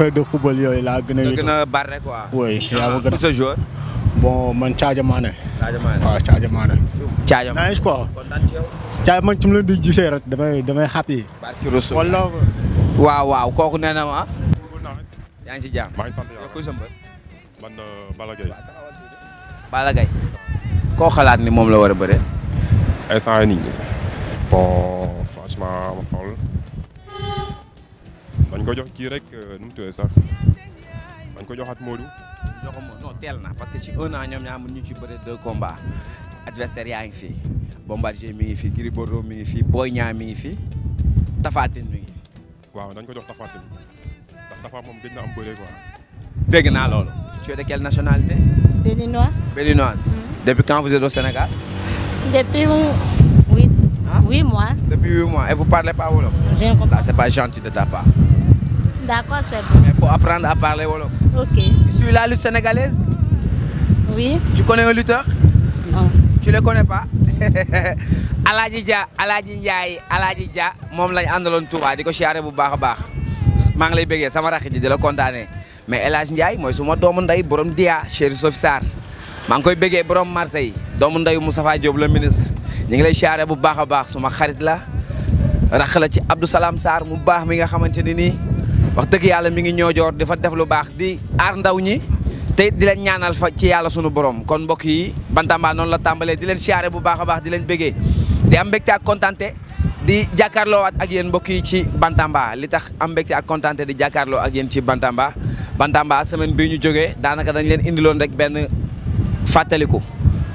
affaire de football yooyu laa gën a. nga gën a barre quoi. oui yaa ma gën a sa joueur. bon man Sadio Mané. Sadio Mané waaw Sadio Mané. Sadio Mané nice quoi. kontaan ci yow. Sadio man ci mu leen di gisee rek damay damay happy. barki Rasuul kooku nee na ma. Ah. yaa ngi ci jàmm. maa ngi sant yàlla euh, xalaat ni moom la war a bëree. ko jox kii rek euh, nu mu tuddee sax dañ ko joxaat Modou. jox ko Modou non teel na parce que ci un an ñoom ñaar mën ñu ci bëre deux combats adversaire yaa Bombardier mi ngi fi mi ngi fi Boy mi ngi fi Tapha Tine mi ngi ko jox Tapha Tine ndax Tapha moom gëj na am bëre quoi. dégg naa loolu. tu es de quelle nationalité. béninoise. Mm. depuis quand vous êtes au Sénégal. depuis huit. huit mois. depuis huit mois et vous parlez pas wolof. ça pas gentil de ta D'accord, c'est bon. Mais il faut apprendre à parler Wolof. Ok. Tu suis la lutte sénégalaise Oui. Tu connais un lutteur Non. le connais pas Alaaji Dia Alaaji Ndiaye Alaaji Dia moom lañ àndaloon Touba di ko siyaare bu baax a baax maa ngi lay bëggee sama rax ji de la kontaanee mais El Hadj Ndiaye mooy suma doomu nday borom Dia Chéri Sofi Sarr maa ngi koy bëggee borom Marseille doomu ndeyu Moustapha Diop la ministre ñu ngi lay siyaare bu baax a baax suma xarit la rax la ci Abdou Salam Sarr mu baax mi nga xamante ni nii wax dëgg yàlla mi ngi ñoojoor di fa def lu baax di aar ndaw ñi te di leen ñaanal fa ci yàlla sunu borom kon mbokk yi Bantamba noonu la tàmbalee di leen siyaare bu baax a baax di leen bëggee di am mbégte ak di jàkkaarloowaat ak yéen mbokk yi ci Bantamba li tax am mbégte ak kontante di jàkkaarloo ak yéen ci Bantamba Bantamba semaine bii ñu jógee daanaka dañ leen indiloon rek benn fàttaliku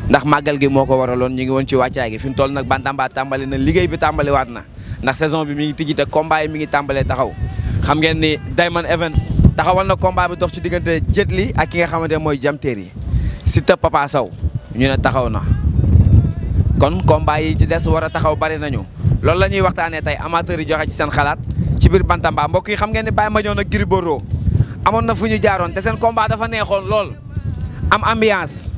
ndax màggal gi moo ko waraloon ñu ngi woon ci wàccaay gi fi mu toll nag Bantamba tàmbali na liggéey bi tàmbaliwaat na ndax saison bi mi ngi tijji te combat mi ngi tàmbalee taxaw xam ngeen ni Diamond Event taxawal na combat bi dox ci diggante Jet Li ak ki nga xamante mooy Jamteeri si Papa Sow ñu ne taxaw na kon combat yi ci des war a taxaw bari nañu loolu la ñuy waxtaanee tey amateurs yi joxe ci seen xalaat ci biir Bantamba mbokk yi xam ngeen ni Baye Mandione ak Gris Bordeaux amoon na fu ñu jaaroon te seen kombaa dafa neexoon lool am ambiance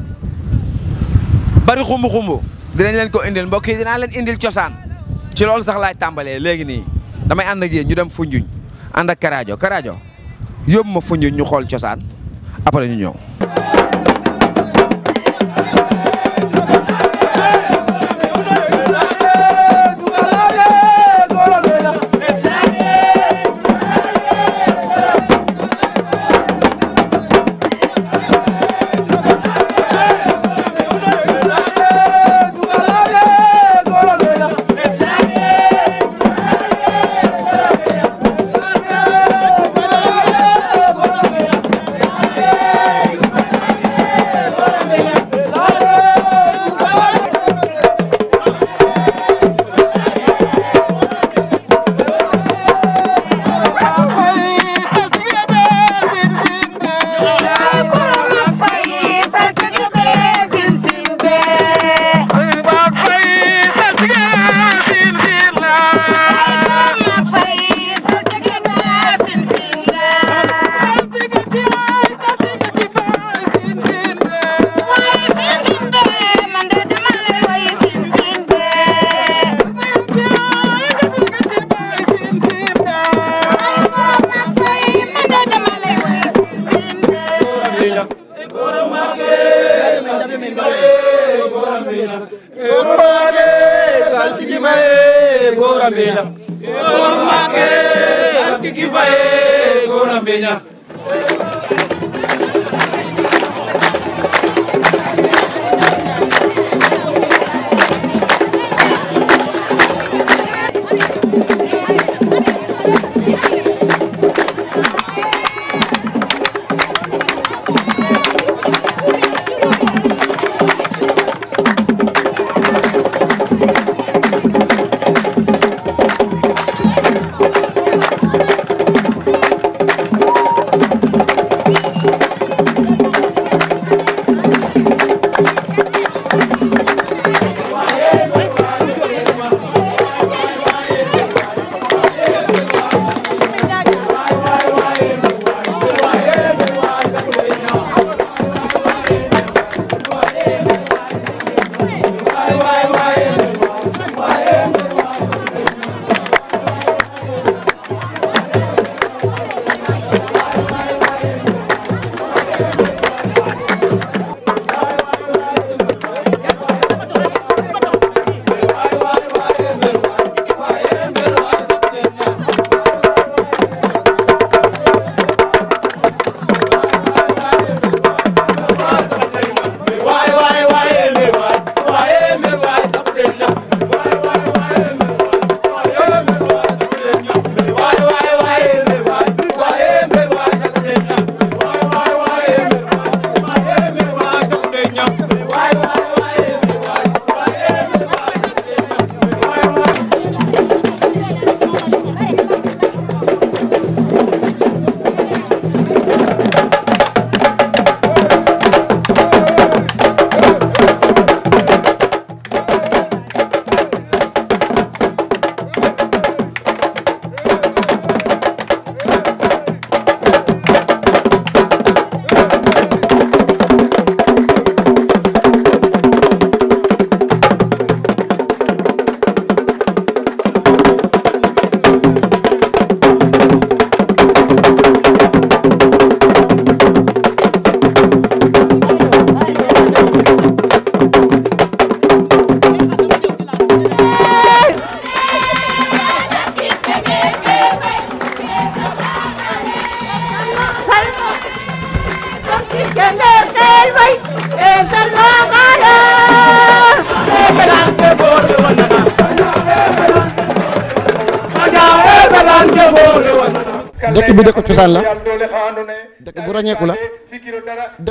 bari xumbu xumbu dinañ leen ko indil mbokk yi dinaa leen indil cosaan ci loolu sax laay tàmbalee léegi nii damay ànd ak yéen dem Foundiougne ànd ak Karajo Karajo yóbbu ma fu ñu ñu xool cosaan après ñu ñëw.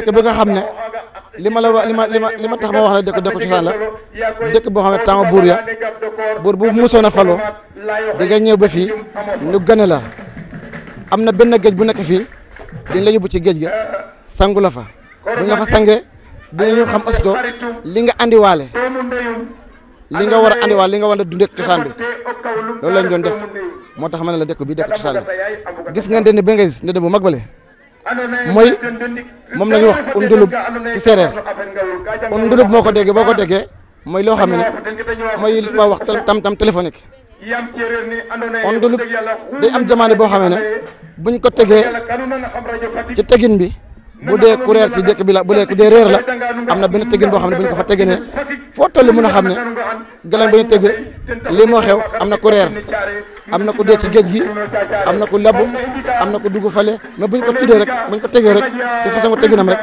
te ba nga xam ne li ma la wax li ma li ma tax ma wax la dëkk dëkk cosaan la dëkk boo xam ne temps buur ya buur bu musoon na faloo da nga ñëw ba fii ñu gane la am na benn géej bu nekk fii dañ la yóbbu ci géej ga sangu la fa buñ la xam aussitôt li nga andiwaale li nga war a andiwaale li nga war du dundee cosaan bi loolu lañ doon def moo tax ma ne la dëkk bi dëkk cosaan la gis nga ndënd ba nga gis ndënd bu mag bale mooy moom la ñuy wax undulub ci séeréer undulub moo ko déggee boo ko déggee mooy loo xam ne mooy li ma wax tam tam téléphonique undulub day am jamaane boo xam ne buñ ko tegee ci tegin bi bu dee ku reer ci dëkk bi la bu dee ku dee la am na benn tegin boo xam ne buñ ko fa teginee foo toll mën a xam ne galañ ba ñu teg lii moo xew am na ku am na ko dee ci géej gi am na ko lebb am na ko dugg fale mais buñ ko tuddee rek buñ ko tegee rek ci façon ko teginam rek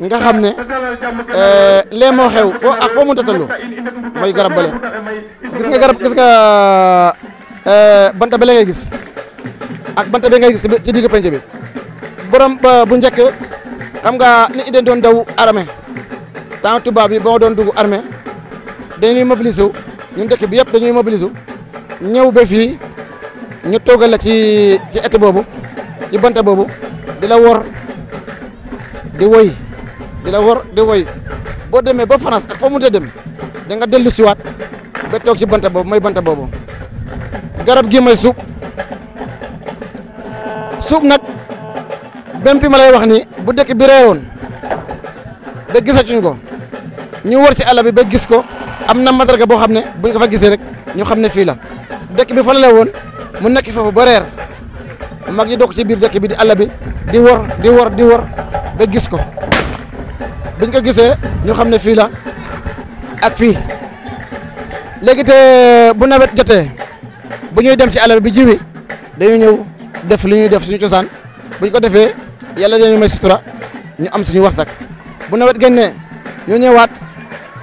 nga xam ne euh, lee moo xew foo ak foo mënta tollu mooy garab bale gis nga garab gis nga euh, banta bale ngay gis ak banta bi ngay gis ci digg penc bi borom euh, bu njëkk xam nga nit ñi doon daw armée temps tubaab bi boo doon dugg armée dañuy mobiliser wu ñun dëkk bi yëpp dañuy mobiliser ñëw ba fii ñu toogal ci ci boobu ci banta boobu di la wor di woy di la wor woy boo demee ba France ak fa mu dem danga nga dellu siwaat ba toog ci banta boobu mooy banta boobu garab gi may suub suub nag bem pi ma lay wax ni bu dëkk bi reewoon ba gisatuñ ko ñu war ci àll bi ba gis ko am na mandarga boo xam ne buñ ko fa gisee rek ñu xam ne fii la dëkk bi fa la woon mu nekk foofu ba reer mag ñi dokk ci biir dëkk bi di àll bi di wor di wor di wor ba gis ko biñ ko gisee ñu xam ne fii la ak fii léegi te bu nawet jotee bu ñuy dem ci àll bi jiwi dañu ñëw def li ñuy def suñu cosaan buñ ko defee yàlla dañu may sutura ñu am suñu warsak bu nawet génnee ñu ñëwaat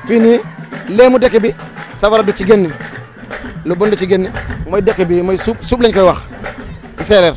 fii nii mu dëkk bi safara du ci génn lu bon la ci génne mooy dëkk bi mooy suub suub lañ koy wax ci séeréer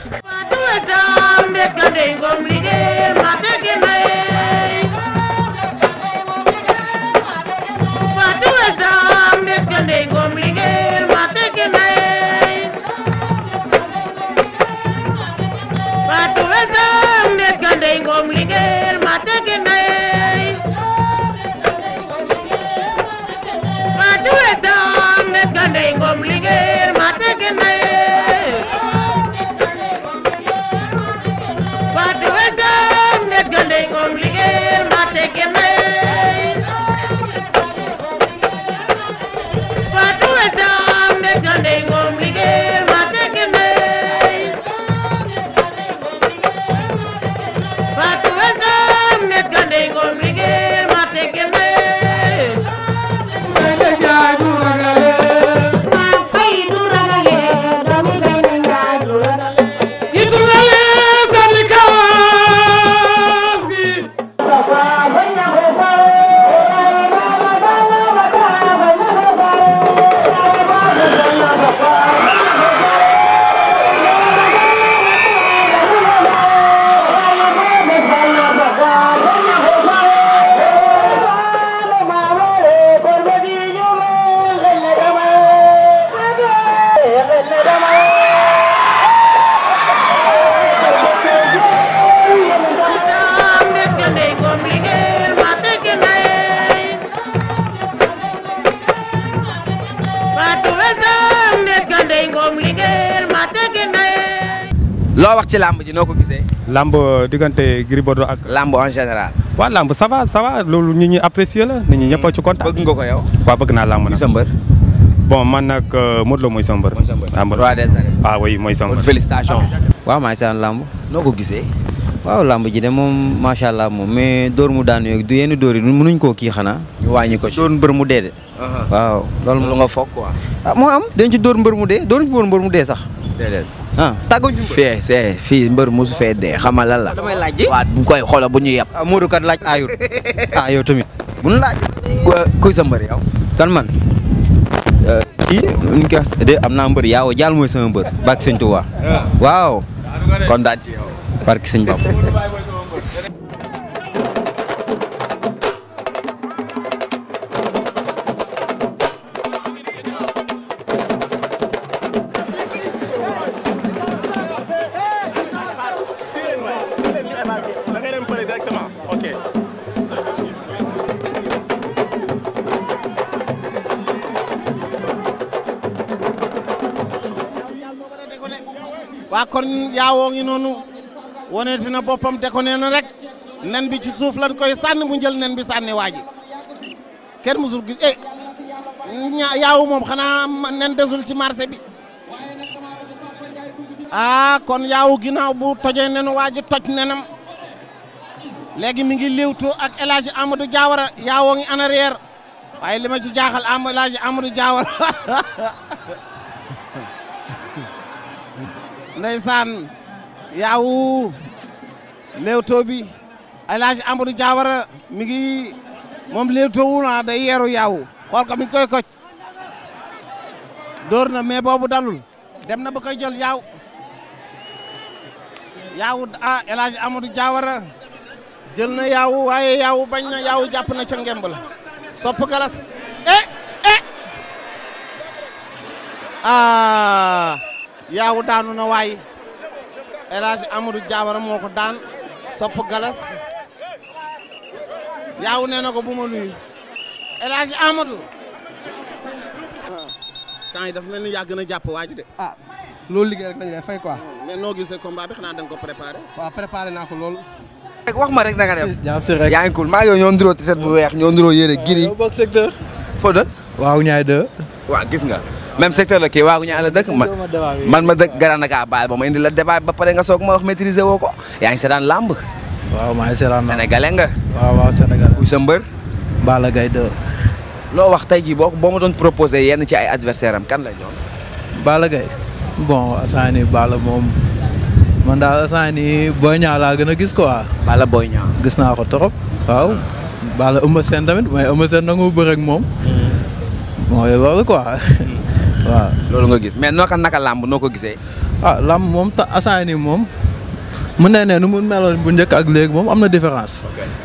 noo ko gisee. lamb euh, diggante Gris ak. lamb en général. waa lamb ça va ça loolu nit ñi apprécier la nit ñi ñëpp a ci kontaan. bëgg nga ko yow. waaw bëgg naa lamb nag sa mbër. bon man nag euh, Modou mooy sa mbër. mooy sa mbër ah, roi ah, mooy sa mbër félicitations. Ah. waaw maa ngi lamb noo ko gisee. waaw lamb ji de moom macha allah moom mais dóor mu daan yooyu du yenn dóor mu mënuñ koo kii xanaa. ñu wàññi ko ci mbër mu dee de. Uh-huh. waaw loolu moom lu nga foog quoi. moo am dañ ci dóor mbër mu dee dóoruñ ci woon mu dee sax. ah tàgguñ fi see fii mbër musu fee dee xamal lan la. laaj ji koy xoolal bu ñuy yab. ah Modou kat laaj aayul ah yow tamit. bu nu laaj. kuy sa mbër kan man. Eh, kii nu ñu koy wax de am naa mbër yaaw jaal mooy sama mbër. bàkk sëñ Tuubaa ah. waaw. kontaan ci yow. barki sëñ Bamba. aawoo ngi noonu woneeti na boppam de ko nee na rek nen bi ci suuf lan koy sànni mu jël nen bi sànni waa ji kenn musul gi eh yaawu moom xanaa nen desul ci marché bi ah kon yaawu ginnaaw bu tojee nenu waa ji toj nenam léegi mi ngi léewtoo ak El Hadj Amadou Diawara yaawoo ngi waaye li ma ci jaaxal am El Hadj Amadou yaawu Leewtoo bi El Hadj Amadou mi ngi moom Leewtoo wu na ah, day yeeru yaawu xool ko mi ngi koy dóor na mais boobu dalul dem na ba koy jël yaaw yaawu ah El Hadj Amadou jël na yaawu waaye yaawu bañ na yaawu jàpp na ca ngemb la sopp galas eh eh ah yaawu daanu na waay El Hadj Amadou Diawara moo ko daan sopp galas yaaw nee na ko bu ma nuyu El Hadj Amadou temps yi dafa mel ni na jàpp waa ji de ah loolu liggéey rek dañu lay fay quoi mais noo gisee combat bi xanaa da nga ko préparé waaw préparé naa ko loolu rek wax ma rek da nga def jàpp si rek yaa ngi cool maa yow ñoo nduróo tiset bu weex ñoo nduróo yére giri fo de waaw ñaay de waaw gis nga même secteur la kii waaguñu ànd dëkk man man ma dëkk garaan naka baal ba ma indi la ba pare nga soog ma wax maîtriser woo ko yaa ngi seetaan làmb waaw maa ngi sa mbër Balla Gaye loo wax tey jii boo boo ma doon proposé yenn ci ay adversaire am kan lay doon Balla Gaye bon asaan ni Balla moom man daal asaan ni Boy Niang laa gën a gis quoi Balla Boy Niang gis naa ko trop waaw Balla Eumeu Sène tamit mooy Eumeu Sène nangu moom mm-hmm. mooy loolu quoi mm-hmm. waaw loolu nga gis mais noo ko naka làmb noo ko gisee. a ah, làmb moom ta asaay ni moom mu ne ne nu mu meloon bu njëkk ak léegi moom am na différence.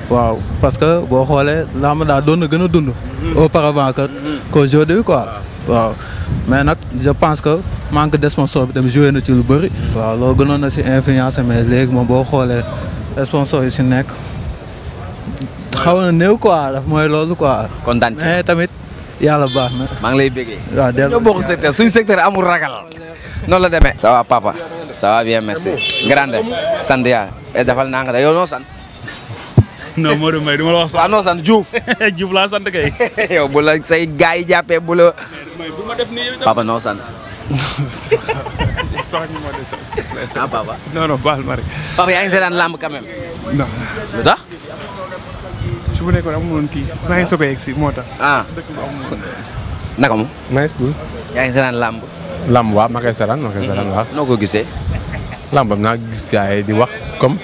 waaw parce que boo xoolee lamb daal doon na gën a dund. Mhm. auparavant que mhm. qu'aujourd'hui quoi. Ah. waaw mais nag je pense que manque de sponsor bi tamit joué na ci lu bëri. waaw loolu gënoon na si influence mais léegi moom boo xoolee sponsor yi si nekk xaw na néew quoi daf mooy loolu quoi. kon daan mais yàlla baax na. maa ngi lay bëggee. waaw delloo ñoo bokk secteur suñu secteur amul ragal. noonu la demee. ça va papa. ça va bien merci. grande sant yaa eh, dafal naa nga da yow noo sant. non Modou la wax. waaw noo say gars yi jàppee bu la. papa noo sant. ah papa. non non baal ma bu nekkoon amuloon kii maa ngi soog a yegg si moo tax. ah dëkk bu amuloon. naka mu. nice cool. yaa ngi seetaan làmb. làmb waaw ma koy seetaan ma koy seetaan waaw. noo ko gisee. làmbam naa gis gars yi di wax comme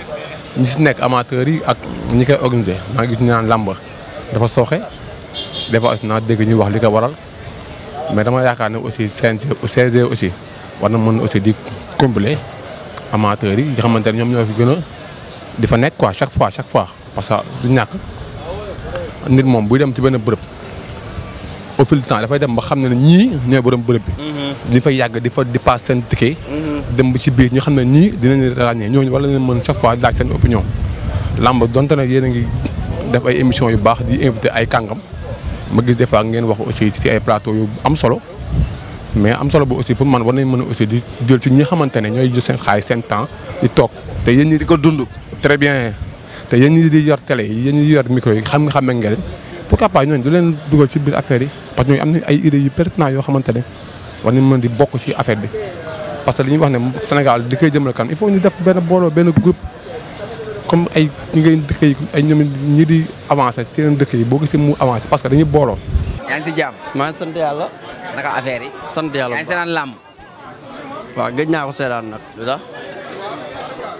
ñi si nekk amateurs yi ak ñi koy organisé maa gis ñu naan làmb dafa sooxe des fois aussi naa dégg ñu wax li ko waral mais dama yaakaar ne aussi CNG CNG aussi war na mën aussi di combler amateurs yi nga xamante ne ñoom ñoo fi gën a di fa nekk quoi chaque fois chaque fois parce que du ñàkk. nit moom buy dem ci benn bërëb au fil temps dafay dem ba xam ne ne ñii ñooy borom bërëb bi. Mm-hmm. di fa yàgg di fa di paas seen ticket. Mm-hmm. dem ci biir ñu xam ne ñii dinañ ràññee ñooñu wala leen mën chaque fois laaj seen opinion. làmb donte nag yéen ngi def ay émissions yu baax di invité ay kàngam ma gis des fois ngeen wax aussi ci ay plateau yu am solo mais am solo bu aussi pour man war nañ mën a aussi di jël ci ñi xamante ne ñooy jël seen xaay seen temps di toog te yéen ñi di ko dund. très bien. te yéen ñi di yor télé yi yéen ñi di yor micro xam xam nañ nga leen pourquoi pas ñooñu du leen dugal ci biir affaire yi parce que ñooñu am ne war nañ mën que li ñuy wax ne Sénégal di koy jëmal kanam il faut ñu def benn booloo benn groupe comme ay ñi ngay dëkk yi ay ñi di avancé ci yeneen dëkk yi boo gisee mu avancé parce que dañuy booloo. yaa ngi si jàmm. maa ngi sant yàlla. naka affaire yi. sant yàlla bu baax yaa ngi seetaan làmb. waaw gëj naa ko seetaan nag lu tax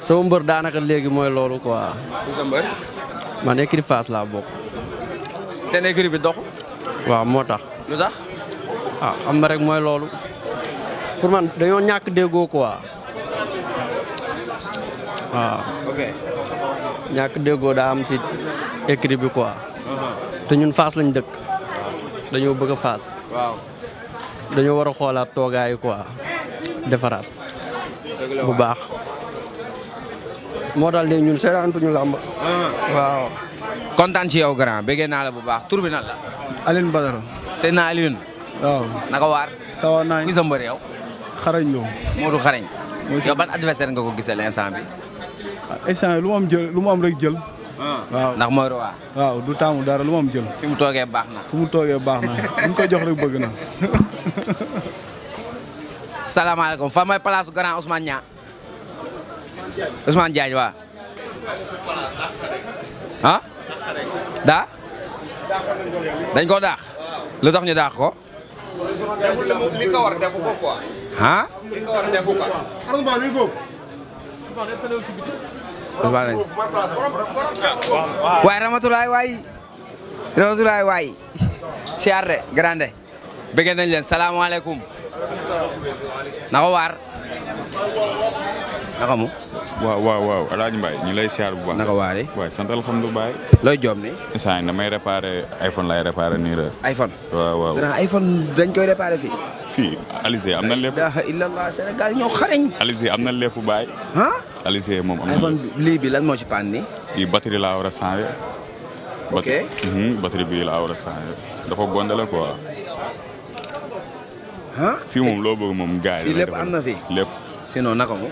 sama mbër daanaka léegi mooy loolu quoi. sa mbër. man écurie Fass laa bokk. seen écurie bi dox. waaw moo tax. lu tax. ah am na rek mooy loolu. pour man dañoo ñàkk déggoo quoi. waaw. ok. ñàkk déggoo daa am ci écurie bi quoi. Uh-huh. te ñun Fass lañ dëkk. dañoo bëgg a dañoo war a xoolaat toogaay quoi defaraat. bu baax. moo daal de ñun seetaantuñu làmb. Ah. waaw. kontaan ci yow grand bëggee naa la bu baax tur bi nan la. Alioune Badara. seen naa Alioune. waaw naka waar. sawa naa kuy sa mbër yow. xarañ ñoom. Modou xarañ. yow ban adversaire nga ko gisal ah, instant bi. instant lu mu am jël lu mu am rek jël. Ah. waaw ndax mooy roi. waaw du taamu dara lu mu am jël. fi mu toogee baax na. fi mu toogee baax na bu ñu ko jox rek bëgg na. salaamaaleykum fa may place grand Ousmane Niang. Ousmane Diagne waaw ah daa dañ ko daax lu tax ñu daax ko ah li ko war defu waay Ramatulaay waay siyaare grande bëgg nañ leen salaamaaleykum naka waar naka mu waaw waaw waaw El Hadj Mbaye ñu lay siyaar bu baax. naka waare. waay sant alhamdulilah. looy joom ni. saa yi damay réparé iPhone laay réparé nii rek. iPhone. waaw waaw dañ koy réparé fii. fii Alizé am na lépp. la ilaha illallah am na lépp baay. ah. Alizé moom iPhone lii bi lan moo ci paan nii. yi batterie laa war a changé. ok batterie mhm, bi laa war a changé. dafa gondale quoi. ah. moom loo bëgg moom gars yi. am na fi lépp. sinon naka moom.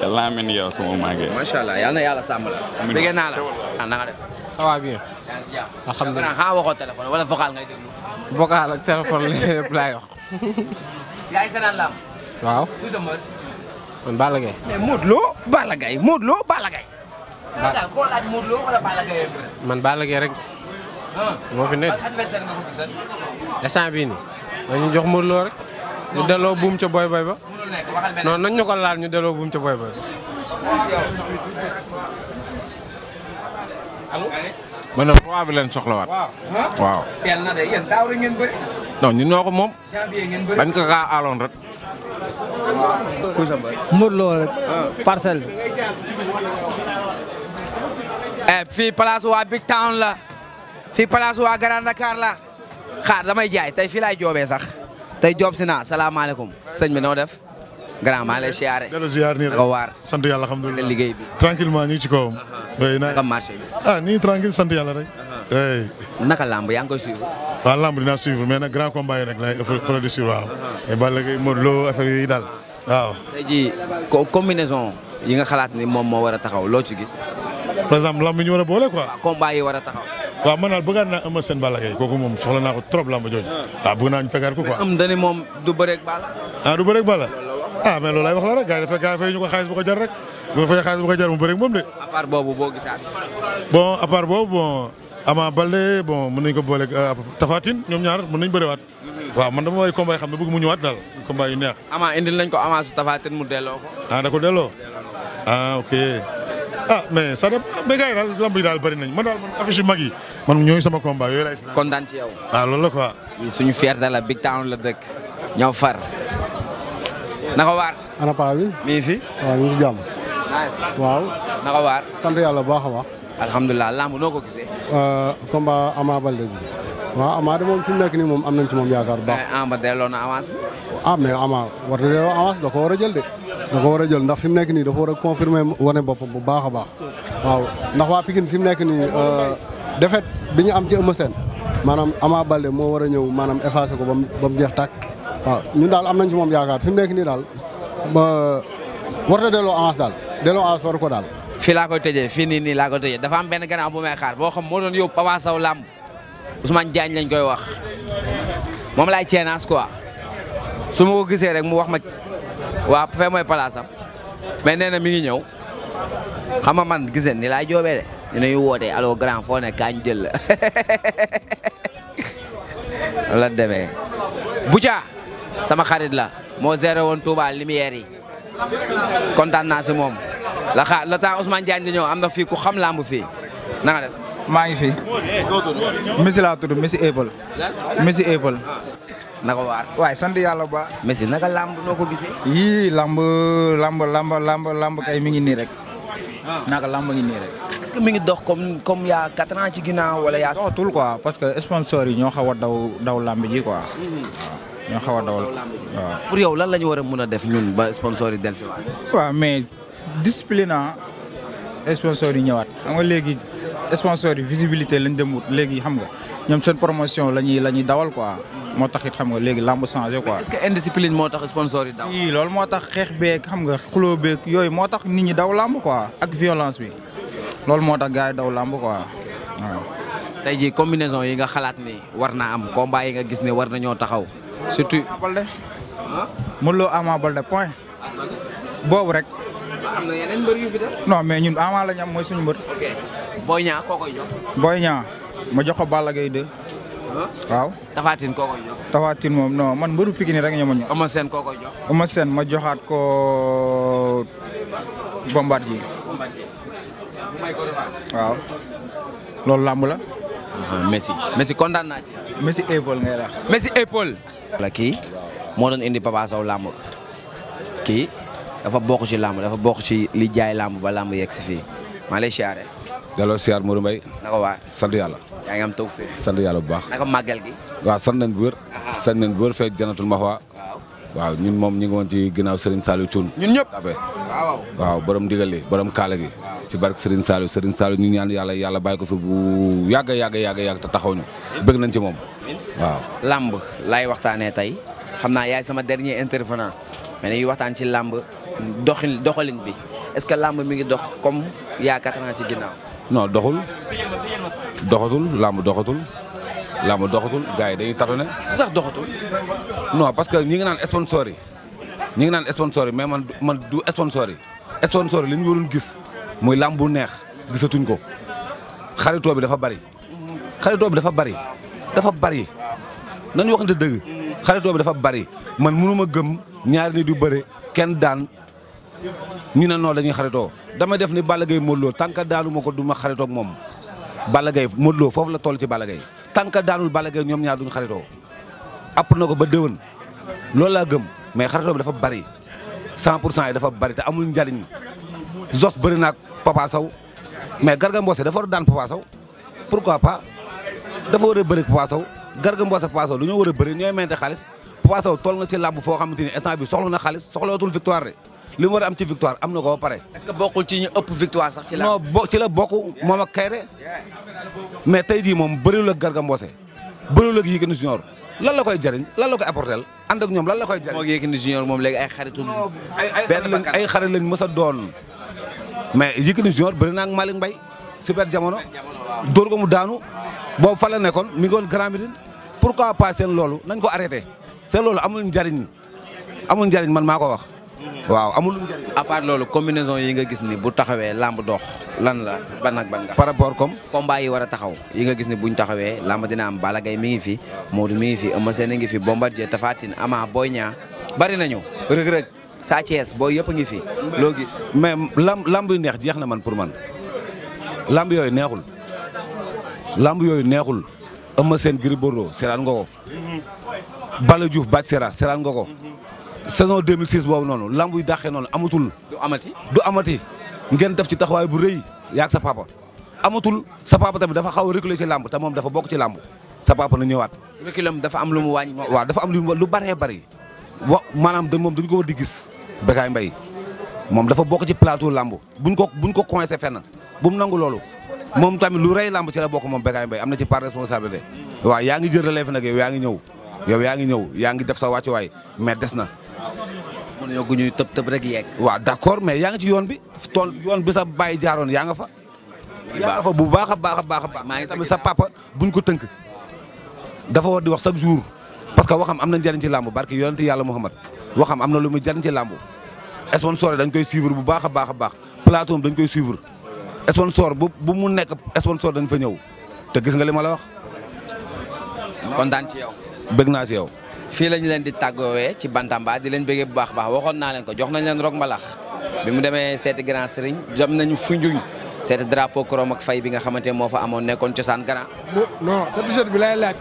yàlla naa mel ni yow su ma màggee. macha allah yal wala vocal ngay déglu. vocal waaw. tout ce mot. kon Balla Gaye. mais Modou Lo man Balla Gaye rek. moo fi nekk adversaire nga ko gisal. instant jox Modou rek. ñu delloo buum ca boy boy ba. non ñu ko ñu delloo buum ca boy boy. allo. ma ne trois bi leen soxlawaat. na de yéen daaw rek ngeen bëri. non moom. janvier ngeen bëri dañ ko kaa aaloon rek. Modou Lo ah. eh, fii place waa Big Town la. fii place waa Grand Dakar la. xaar damay jaay tey fii laay sax. tey joob si naa salaamaaleykum sëñ bi noo def. grand maa lay siyaare. dara siyaar nii rek waar. sant yàlla alhamdulilah liggéey bi. tranquillement ñu ngi ci kawam. Uh-huh. naka marché bi. ah ñu ngi tranquille sant yàlla rek. Uh-huh. naka lamb yaa suivre. waaw ah, lamb dinaa suivre mais nag grand combat yi rek laay faral di suivre waaw. Uh-huh. mais waaw. tey yi nga xalaat ni moom moo war a taxaw loo ci gis. par exemple lamb yi ñu war a boole quoi. waaw combat yi war a taxaw. waaw man daal bëggaat naa Eumeu Sène Balla Gaye moom soxla naa ko trop lamb jooju. waaw bëgg naa ñu fekkaat ko quoi. mais na ni moom du bëreeg Balla. Ah, ah mais loolu lay wax la rek gars yi dafa gars yi fay ñu ko xaalis bu ko jar mu bëri moom de. à boobu boo gisaat. bon à part boobu bon Ama Baldé bon mën nañu ko boole euh, Tapha Tine ñoom ñaar mën nañu bëriwaat. Mhm. waaw man dama way combat xam ne bëgg mu ñëwaat daal combat yu neex. Ama indil nañ ko Ama su Tapha Tine mu delloo ko. ah da ko delloo. ah ok ah mais ça dépend mais daal lamb daal bëri nañ man daal man affiche mag yi man ñooy sama combat yooyu laay. kontaan ci yow. ah loolu la quoi. suñu fierté la big town la dëkk ñoo far naka waar. ana paa bi. mi ngi fi. waaw mi ngi waaw. naka sant yàlla bu baax a baax. alhamdulilah lamb ko gisee. Euh, combat Ama Baldé bi. waaw Ama de moom fi mu nekk nii moom am nañ ci moom yaakaar bu baax. Eh, ah, mais Ama delloo war na delloo ko war a jël de. da ko war a jël ndax fi mu nekk nii dafa war a confirmer wane boppam bu baax a baax. waaw ndax waa Pikine fi mu nekk nii euh, défaite bi ñu am ci Eumeu Sène maanaam Ama Baldé moo war a ñëw maanaam effacé ko ba mu jeex tàkk. waaw ñun daal am na ci moom yaakaar fi mu nekk nii daal ba war na delloo avance daal delloo avance war ko daal. fii laa koy tëjee fii nii nii laa koy tëjee dafa am benn gànnaaw bu may xaar boo xam moo doon yóbbu Papa Sow làmb Ousmane jaañ lañ koy wax moom laay ceenaas quoi su ma ko gisee rek mu wax ma waa fee mooy place am mais nee na mi ngi ñëw xam nga man giseen ni laay joobee de dinañu woote allo grand foo ne kaa ñu jël la demee Boucha. sama xarit la moo géré woon Touba lumière yi kontaan naa si moom la xa le temps am na fii ku xam lamb fii na def. maa ngi fi. Messi laa tudd Messi Apple. Messi Apple. Ah. naka waar. waaye sant yàlla bu baax. Messi naka lamb noo ko gisee. yii lamb lamb lamb lamb lamb kay mi ngi nii rek. Ah. naka lamb ngi nii rek. mi ngi dox comme comme y'a quatre ans ci ginnaaw wala y'a. doxatul quoi parce que sponsor yi ñoo xaw a daw daw lamb ji quoi. Mm-hmm. Ah. ñoo xaw a dawal waaw. pour yow lan la ñu war a mën a def ñun ba sponsor yi dellusiwaat. waaw mais discipline ah, sponsor yi ñëwaat xam nga léegi sponsor yi visibilité lañ dem wut léegi xam nga ñoom seen promotion la ñuy la ñuy dawal quoi. moo tax it xam nga léegi lamb changé quoi. est-ce que indiscipline moo tax sponsor yi daw. si loolu moo tax xeex beeg xam nga xuloo beeg yooyu moo tax nit ñi daw lamb quoi ak violence bi loolu moo tax gars daw lamb koi waaw. tey jii combinaison yi nga xalaat ni war naa am combat yi nga gis ne war nañoo taxaw. surtout Modou Lo Ama Baldé point boobu rek. am na mais ñun Ama la ñu am mooy suñu mbër. ok Boy Niang koo ma jox ko Balla Gaye 2. waaw. Tapha moom non man mbëru Pikine rek ñoom ñoo. Eumeu Sène koo koy jox. ma joxaat ko Bombardier. Bombardier bu may ko waaw loolu làmb la. Ah, Messi Messi kontaan naa ci. Messi épaule ngay la. Messi épaule. la kii moo doon indi Papa Sow làmb kii dafa bokk ci làmb dafa bokk ci li jaay làmb ba làmb yegg si fii maa lay siyaare. delloo siyaar Modou Mbaye. na sant yàlla. ngi am taw sant yàlla bu baax. na gi. waaw sant nañ bu wér. sant nañ bu wér fekk janatul maxwa waaw ñun moom ñu ngi woon ci ginnaaw sëriñ Saliou Thioune. ñun ñëpp waaw waaw borom ndigal li borom kaala gi. ci barke Serigne Saliou Serigne Saliou ñu ñaan yàlla yàlla bàyyi ko fi bu yàgg yàgg yàgg yàgg te taxaw ñu bëgg nañ ci moom waaw. làmb lay waxtaanee tey xam naa yaay sama dernier intervenant mais dañuy waxtaan ci làmb doxin doxalin bi est-ce que làmb mi ngi dox comme yaakaar naa ci ginnaaw. non doxul doxatul làmb doxatul. làmb doxatul gaa yi dañuy tatoné ndax doxatul non parce que ñi ngi naan sponsor yi ñi ngi naan sponsor yi mais man man du sponsor yi sponsor yi li ñu waroon gis muy làmb bu neex gisatuñ ko xaritoo bi dafa bari xaritoo bi dafa bari dafa bari nañu waxante dëgg xaritoo bi dafa bari man mënuma gëm ñaari nit yu bëre kenn daan ñu ne noonu dañuy xaritoo dama def ni Balla Gaye Modou Lo que daanu ko du ma xaritoog moom Balla Gaye Modou Lo foofu la toll ci Balla Gaye tant que daanul Balla ñoom ñaar duñ xaritoo app na ko ba déwén loolu laa gëm mais xaritoo bi dafa bari 100 pour cent yi dafa bari te amul njariñ zos bëri naag Papa Sow mais Garga dafa war daan Papa Sow pourquoi pas dafa war a bëri Papa Sow Garga Mbossé Papa Sow du ñoo war a bëri ñooy mente xaalis Papa Sow toll na ci làmb foo xamante ni instant bi soxla na xaalis soxlootul victoire de li mu a am ci victoire am na ko ba pare. est que bokkul ci ñu ëpp victoire sax ci la. non la bokk moom ak Kayre mais tey jii moom bëriwul ak Garga Mbossé bëriwul ak Yékini Junior lan la koy jëriñ lan la koy apporter ànd ak ñoom lan la koy jëriñ. moo Yékini Junior moom léegi ay xaritu. benn ay xarit lañ mës a doon mais Yékini Junior bëri na ak Malick Mbaye super jamono dóor ko mu daanu boobu fa la nekkoon mi ngi woon Grand Médine pourquoi pas seen loolu nañ ko arrêté seen loolu amul njariñ amul njariñ man maa ko wax. waaw amul lu loolu combinaison yi nga gis ni bu taxawee làmb dox lan la ban ak ban nga. par rapport comme. combat yi war a taxaw yi nga gis ni buñ taxawee làmb dina am Balla Gaye mi ngi fi Modou mi ngi fi Eumeu Sène ngi fi Bombardier Tapha Tine Ama Boy ñaa bari nañu Reug Reug Sa boo yëpp a ngi fi. loo gis mais lamb lamb yu neex jeex na man pour man lamb yooyu neexul lamb yooyu neexul Eumeu Sène Gris Bordeaux seeraan nga ko mhm. Balla Diouf Bac nga ko. Mhm. saison 2006 boobu noonu lamb yi dàqee noonu amatul. du amati du amati ngeen def ci taxawaay bu rëy yaag sa papa. amatul sa papa tamit dafa xaw a reculer ci lamb te moom dafa bokk ci lamb sa papa na ñëwaat. reculam dafa am lu mu wàññi. waaw dafa am lu mu lu baree bari wa maanaam da moom duñ ko war di gis. Bécaye Mbaye moom dafa bokk ci plateau lamb buñ ko buñ ko coincé fenn bu mu nangu loolu moom tamit lu rey lamb ci la bokk moom Bécaye Mbaye am na ci part responsabilité. waaw yaa ngi jël relève nag yow yaa ngi ñëw yow yaa ngi ñëw yaa ngi def sa wàccuwaay mais des na. mun yokk ñuy tëb tëb rek yegg. waaw d'accord mais yaa ngi ci yoon bi tool yoon bi sa bàyyi jaaroon yaa nga fa. yaa bu baax a baax a baax a baax. maa ngi sa papa buñ ko tënk. dafa war di wax chaque jour. parce que waxam am na njëriñ ci làmb barki yonent yàlla Muhammad waxam am na lu muy jëriñ ci làmb. sponsor dañ koy suivre bu baax a baax a baax plateau dañ koy suivre. sponsor bu bu mu nekk sponsor dañ fa ñëw te gis nga li ma la wax. kontaan ci yow. bëgg naa yow. fii lañu leen di tàggoowee ci Bantamba di leen bëggee bu baax baax waxoon naa leen ko jox nañ leen rog mbalax bi mu demee seeti grand sëriñ jom nañu funjuñ seeti drapeau korom ak fay bi nga xamante moo fa amoon nekkoon cosaan grand. non sa t bi lay laaj.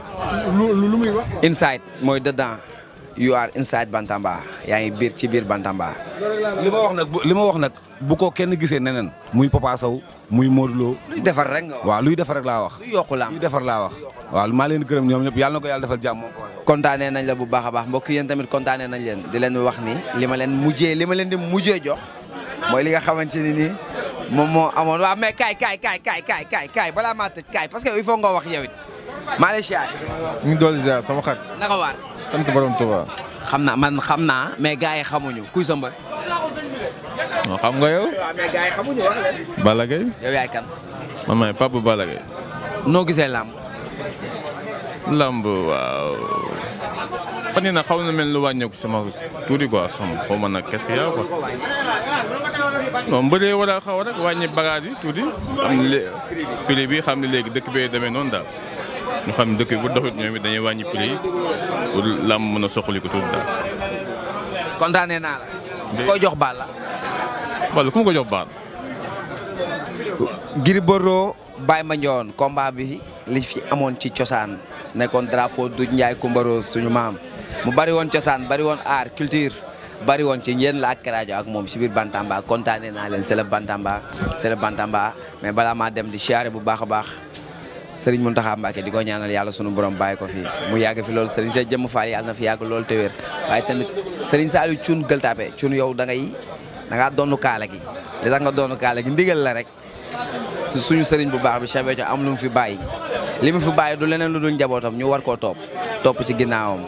lu lu muy inside mooy dedans you are inside Bantamba yaa ngi biir ci biir Bantamba. li ma wax li ma wax nag. bu ko kenn gisee neneen muy Papa Sow muy Modou Lo luy defar rek nga waaw luy defar rek laa wax. luy yokku laa luy defar laa wax. waaw maa leen gërëm ñoom ñëpp yàlla na ko yàlla defal jàmm. kontaanee nañ la bu baax a baax mbokk yéen tamit kontaanee nañ leen di leen wax ni li ma leen mujjee li ma leen di mujjee jox mooy li nga xamante ni nii moom moo amoon waaw mais kaay kaay kaay kaay kaay kaay kaay balaa maa tëj kaay parce que i faut nga wax yawit it maa ngi ñu ngi doon ziar sama xarit. naka sant borom Tuubaa. xam naa man xam naa mais gars yi xamuñu kuy sa moo xam nga yow. waaw mais gars yi xamuñu man maay Papa Balla Gaye. noo gisee làmb. làmb waaw. fan yii nag xaw na mel lu wàññeeku sama tuuti quoi sama xaw ma nag kese yaa quoi. non mbëree war a xaw rek wàññi bagage yi tuuti xam ne prix bi xam ne léegi dëkk bee demee noonu daal. ñu xam dëkk bi bu doxut ñoom it dañuy wàññi prix yi pour làmb mën a soxali ko tuuti daal. kontaanee naa la. koy jox Balla. wala ku mu ko jox baal. Gris Bordeaux bi li fi amoon ci cosaan nekkoon drapeau du Ndiaye Coumba suñu maam mu bari woon cosaan bari woon art culture bari woon ci yéen la ak rajo ak moom si biir Bantamba kontaanee naa leen c'est le Bantamba c'est le Bantamba mais balaa maa dem di siyaare bu baax a baax. Sëriñ Mountakha Mbacké di ko ñaanal yàlla sunu borom bàyyi ko fi mu yàgg fi lool Sëriñ Cheikh Jëmm Fall yàlla na fi yàgg loolu te wér waaye tamit Sëriñ Saliou Thioune Gueule Tapée Thioune yow da da ngaa doonu kaala gi li tax nga doonu kaala gi ndigal la rek suñu sëriñ bu baax bi Cheikh Béthio am lu fi bàyyi li mu fi bàyyi du leneen lu dul njabootam ñu war koo topp topp ci ginnaawam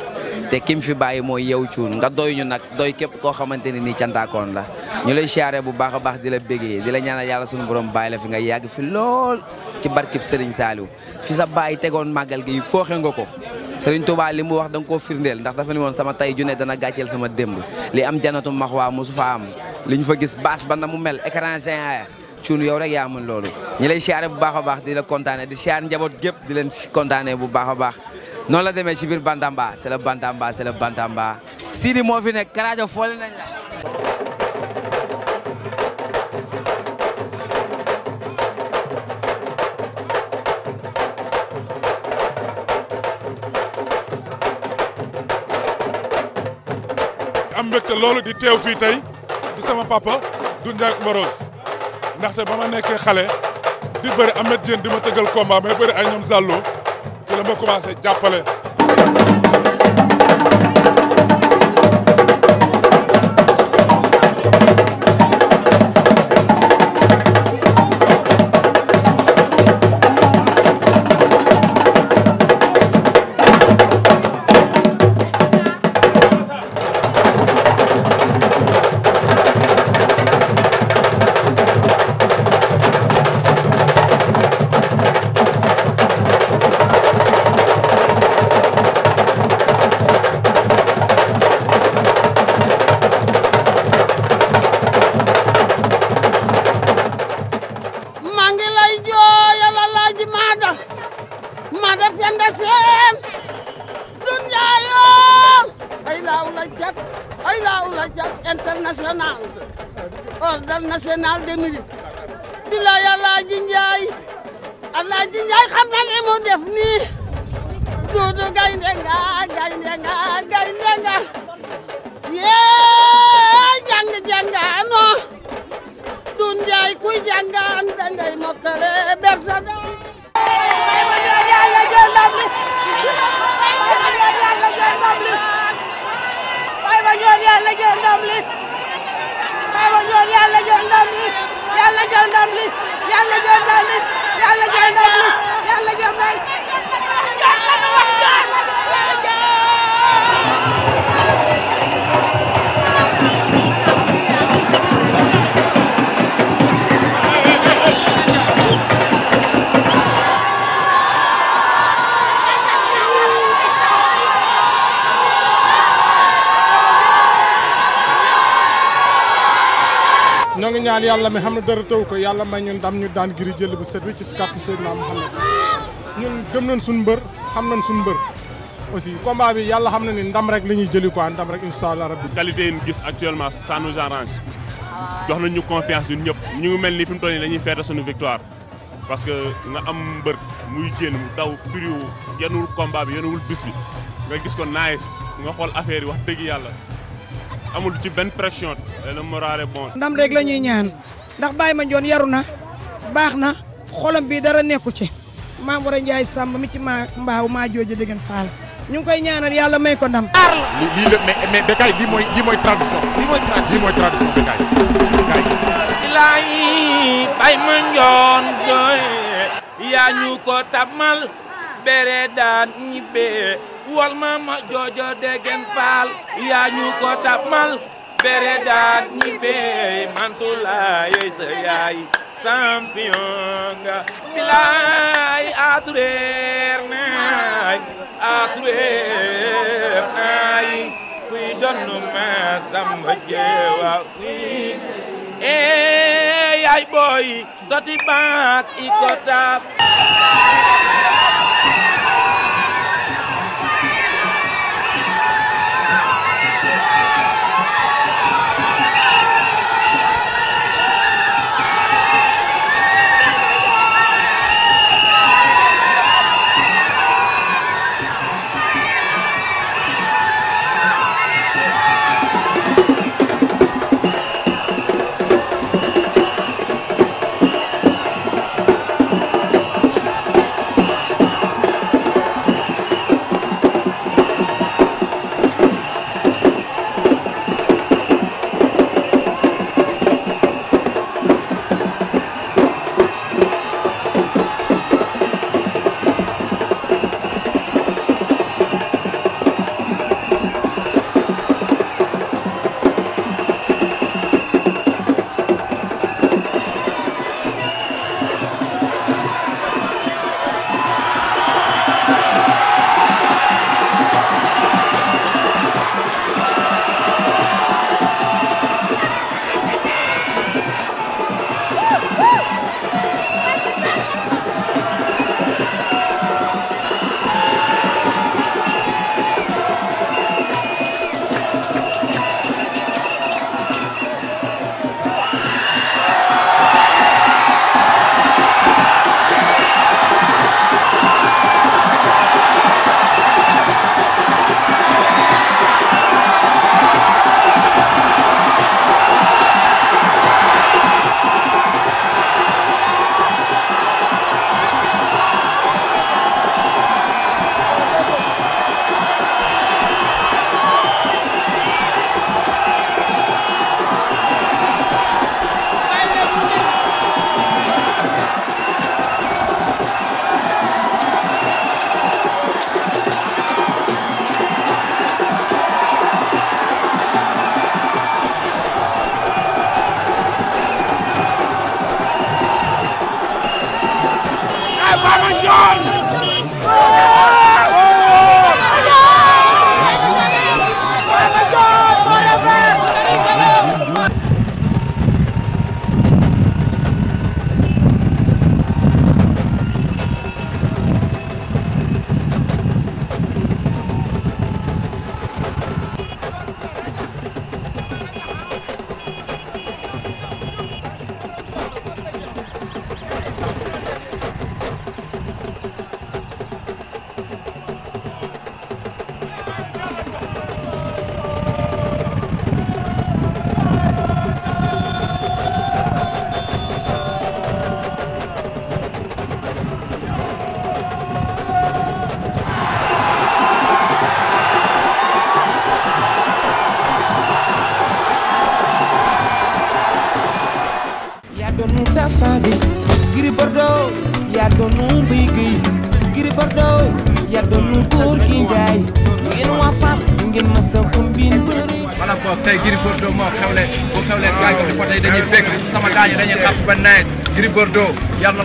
te kim fi bàyyi moo yow cuun nga doy ñu nag doy képp koo xamante ne nii cantaakoon la ñu lay siyaare bu baax baax di la bégee di la ñaanal yàlla suñu borom bàyyi la fi nga yàgg fi lool ci barkib Serigne Saliou fi sa bàyyi tegoon màggal gi fooxe nga ko Serigne Touba li mu wax da nga koo firndeel ndax dafa ne woon sama tay ju ne dana gàcceel sama démb li am janatu max waa mosu fa am li ñu fa gis baas ba na mu mel écran géant cuun yow rek yaa mën loolu ñi lay siyaare bu baax a baax di la kontaane di siyaar njaboot gépp di leen bu baax a baax noonu la demee ci biir Bantamba c'est le Bantamba c'est le moo fi nekk Karajo foole nañ la. am mbégte loolu di teew fii tey di sama papa du Ndiak Mbarose ndaxte ba ma nekkee xale di bëri Amath Dieng di ma tëggal combat may bëri ay ñoom Zallo. ci la ma commencé jàppale àdduna dara taw ko yàlla may ñu daan giri jël bu set wi ci kàttu Seydina Muhammad ñun gëm nañ suñu mbër xam nañ suñu mbër aussi combat bi yàlla xam na ni ndam rek la ñuy jëli quoi ndam rek incha allah rabbi qualité yi ñu gis actuellement ça nous jox nañ ñu confiance ñun ñëpp ñu ngi mel ni fi mu toll nii dañuy feete suñu victoire parce que nga am mbër muy génn mu daw firiwu yenuwul combat bi yenuwul bis bi nga gis ko nice nga xool affaire yi wax dëgg yàlla amul ci benn pression ndax Baye Mandione yaru na baax na xolam bii dara nekku ci maam war a Ndiaye Samb mi ci maa mbaaw maa jooju dëggan faal ñu ngi koy ñaanal yàlla may ko ndam. aar lii la mais mais Bécaye lii mooy lii mooy tradition. lii mooy tradition lii mooy tradition Bécaye. Bécaye. Baye Mandione joojo dëggan faal yaa ñu ko tamal. bere ñi bey mantulaay yey sa yaay champion nga bilaay atureer naay atureer naay kuy donnu ma samba jeewa kuy ee boy soti baak i ko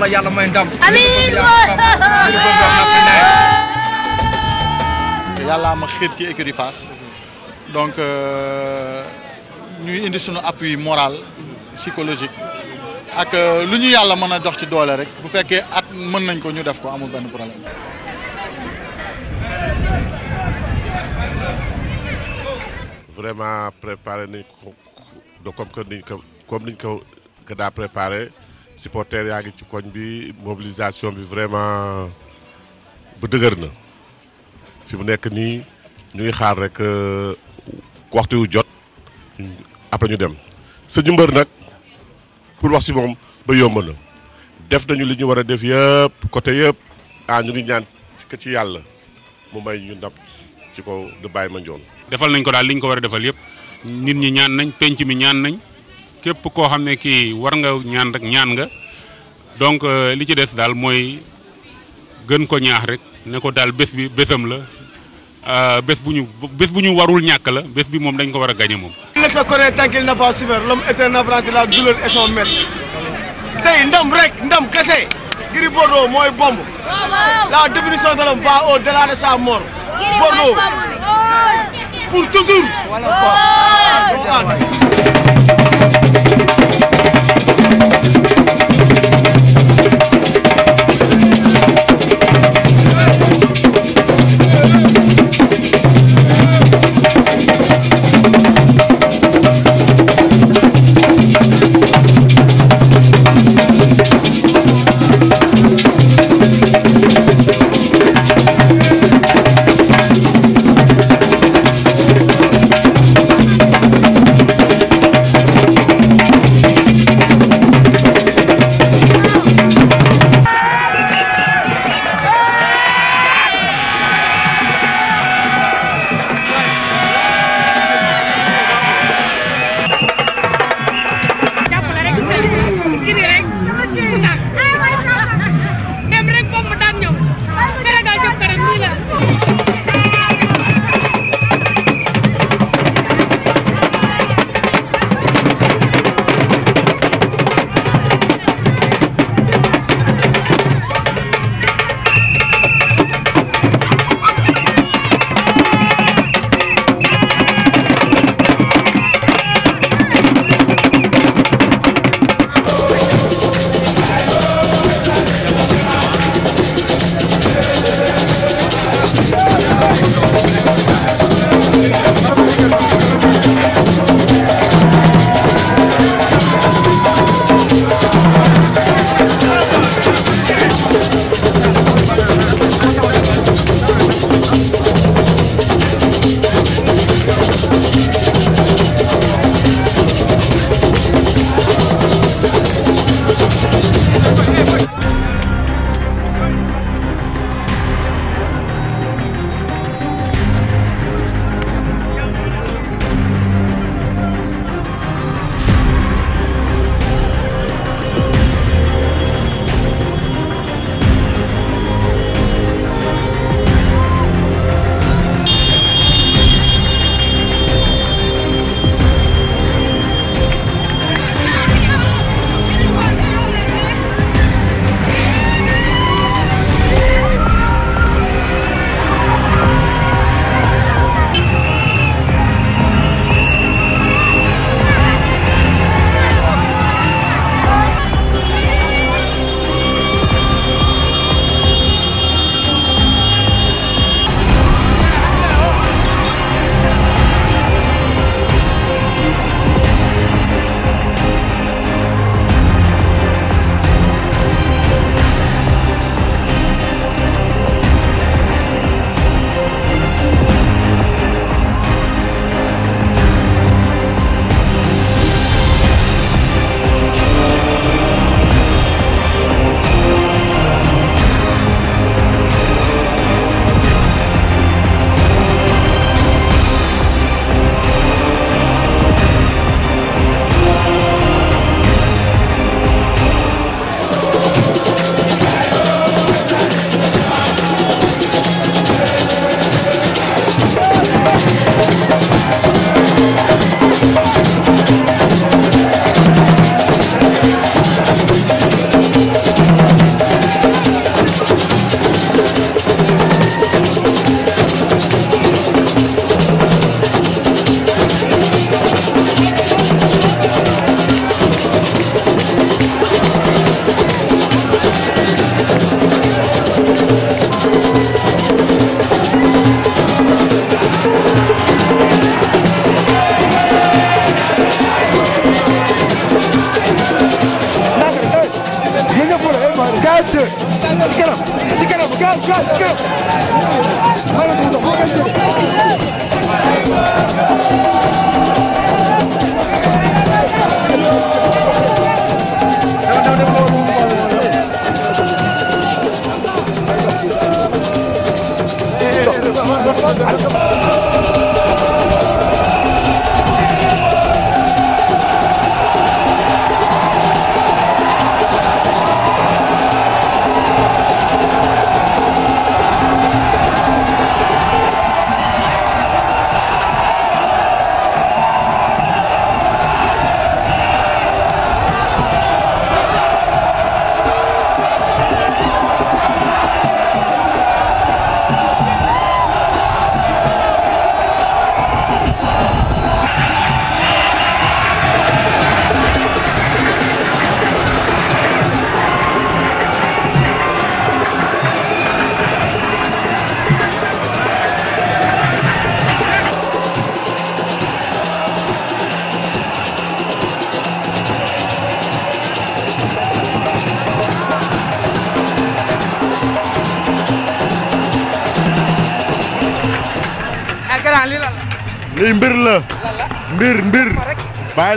yàlla may ndam. amiin ma xiir ci écurie donc euh, ñuy indi suñu appui moral psychologique ak euh, lu ñu yàlla mën a jox ci doole rek bu fekkee at mën nañ ko ñu def ko amul benn problème. vraiment préparé nañ ko comme que niñ ko comme daa préparé. supporters yaa ngi ci koñ bi mobilisation bi vraiment bu dëgër na fi mu nekk nii ñu ngi xaar rek euh, waxtu wu jot après ñu dem sëñu mbër nag pour wax si moom ba yomb na def nañu li ñu war a def yëpp côté yëpp ah ñu ngi ñaan ka ci yàlla mu may ñu ndab ci ko du bàyyi ma njoon defal nañ ko daal li ñu ko war a defal yëpp nit ñi ñaan nañ penc mi ñaan nañ képp koo xam ne kii war nga ñaan rek ñaan nga donc euh, li ci des daal mooy gën ko ñaax rek ne ko daal bés bi bésam la euh, bés bu ñu bés bu ñu warul ñàkk la bés bi moom dañ ko war a gagné moom. il ne se connaît tant qu'il n'a ndam rek ndam kese Gris Bordeaux mooy bomb la définition de l'homme va au-delà sa mort Bordeaux pour toujours. Thank you.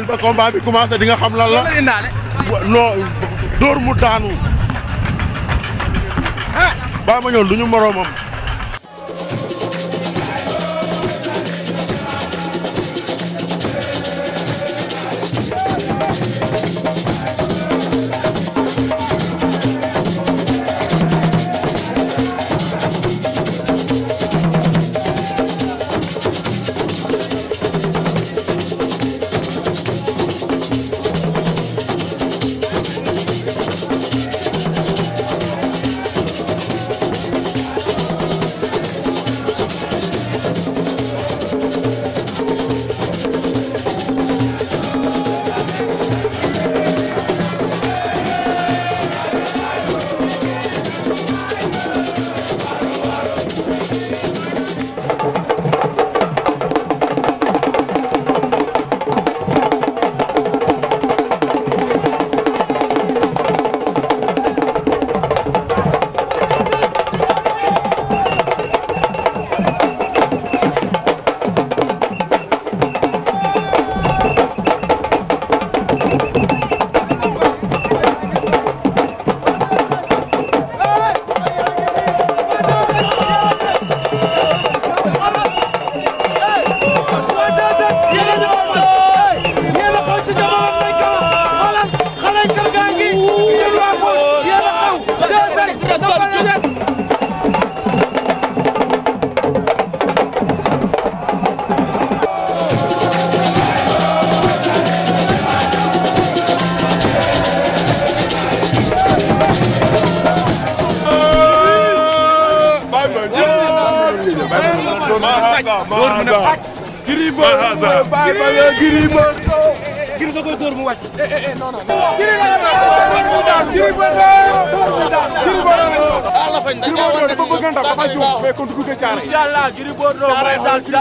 ba combat bi commencé dinga xam lan la. non dóor mu daanu. ah. baa ma lu ñu moroomam.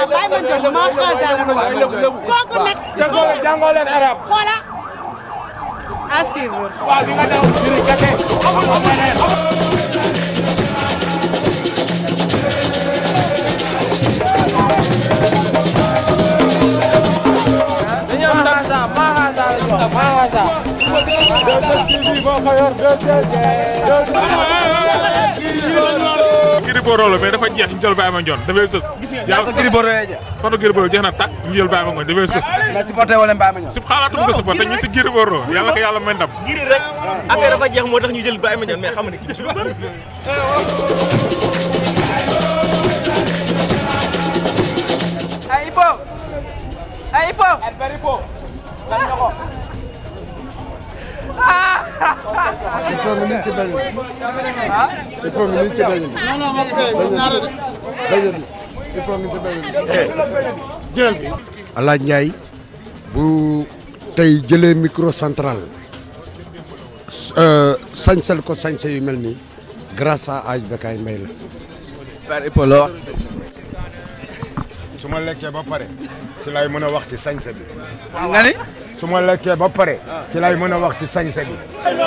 allah bàyyi ma jënd maa xaasaale lu ma kooku nag. jàngoo leen arab xoola à suivre. waaw bi nga daw jërëjëf jafe amul amul Mahaza. Gris Bordeaux la mais dafa jeex ñu jël Baye Mandione dafay sës. gis nga yaa ko Gris Bordeaux yee jeex. Fatou Gris Bordeaux jeex na tàkk ñu jël Baye Mandione dafay sës. nga supporté wala Baye Mandione. si xaalaatuma ko supporté ñu si Gris Bordeaux yàlla ko yàlla may ndam. Gris rek affaire dafa jeex jël Baye Mandione mais xam nga ne Ay, Ipo! Ay, Ipo! Ay, diplôme bi ñu ci daje bi. diplôme bi ñu ci daje bi. daje bi diplôme bi ci daje bi. jël bi. Alaaji Ndiaye bu tey jëlee micro central euh, sañsal ko sañse yu mel nii grâce à Aj Bekaay Mbaye la. su ma lekkee ba pare ci lay mën a wax ci sañse bi. su ma lekkee ba pare ci lay mën a wax ci sañse bi.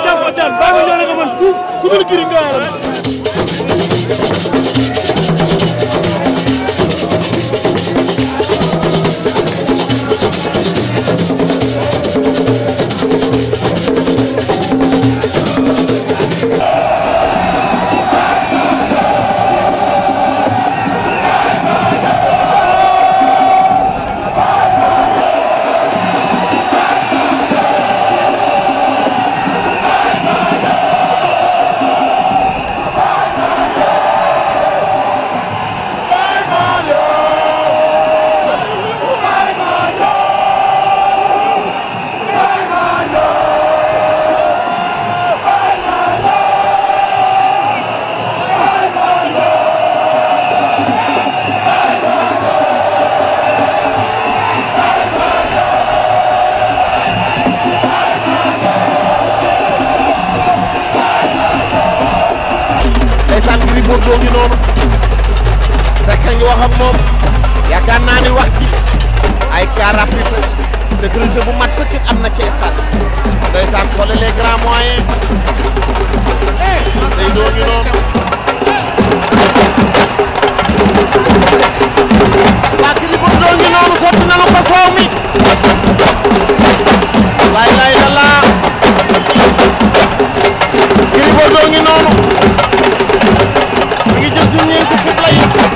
jàpp daan bàyyi ma ñëw na nga ku ku dul ak moom yaakaar naa ni wax ji ay car rapide sécurité bu mat sëkkit am na ci stade ndeysaan xoolal les grands moyens eh, Seydou ñu noonu waa Gris Bordeaux ñu noonu sotti na la ko soow mi laay laay la laa Gris Bordeaux ñu noonu mi ngi jël ci ñeenti xibla yi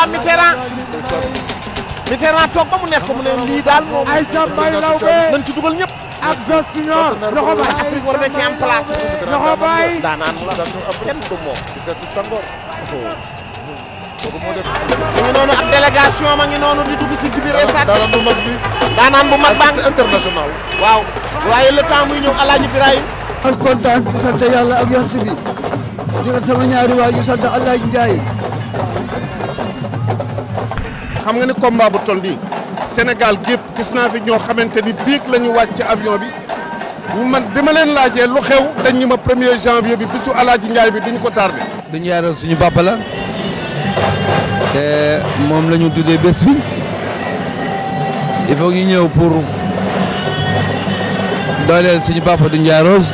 fois Mitterrand Mitterrand toog ba mu neex ko mu ne lii daal moom nañ ci dugal ñëpp ak Jos Junior loxo baay Afrique war na ci am place loxo baay daanaan mu la kenn du moom mu ngi noonu ab délégation ma ngi noonu di dugg si ci biir stade daanaan bu mag bi daanaan bu mag baa international waaw waaye le temps muy ñëw kontaan di sant yàlla ak yant bi di sama ñaari waay di sant Alaaji Njaay xam nga ni baa bu toll nii Sénégal gépp gis naa fi ñoo xamante ni biig la ñu wàcc ci avion bi man bi ma leen laajee lu xew dañ ñu ma 1er janvier bi bisu Alaaji Njaay bi duñ ko tardé. duñu yaaral suñu papa la te moom lañu ñu tuddee bés bi il faut ñu ñëw pour dooleel suñu papa du Ndiaye Rose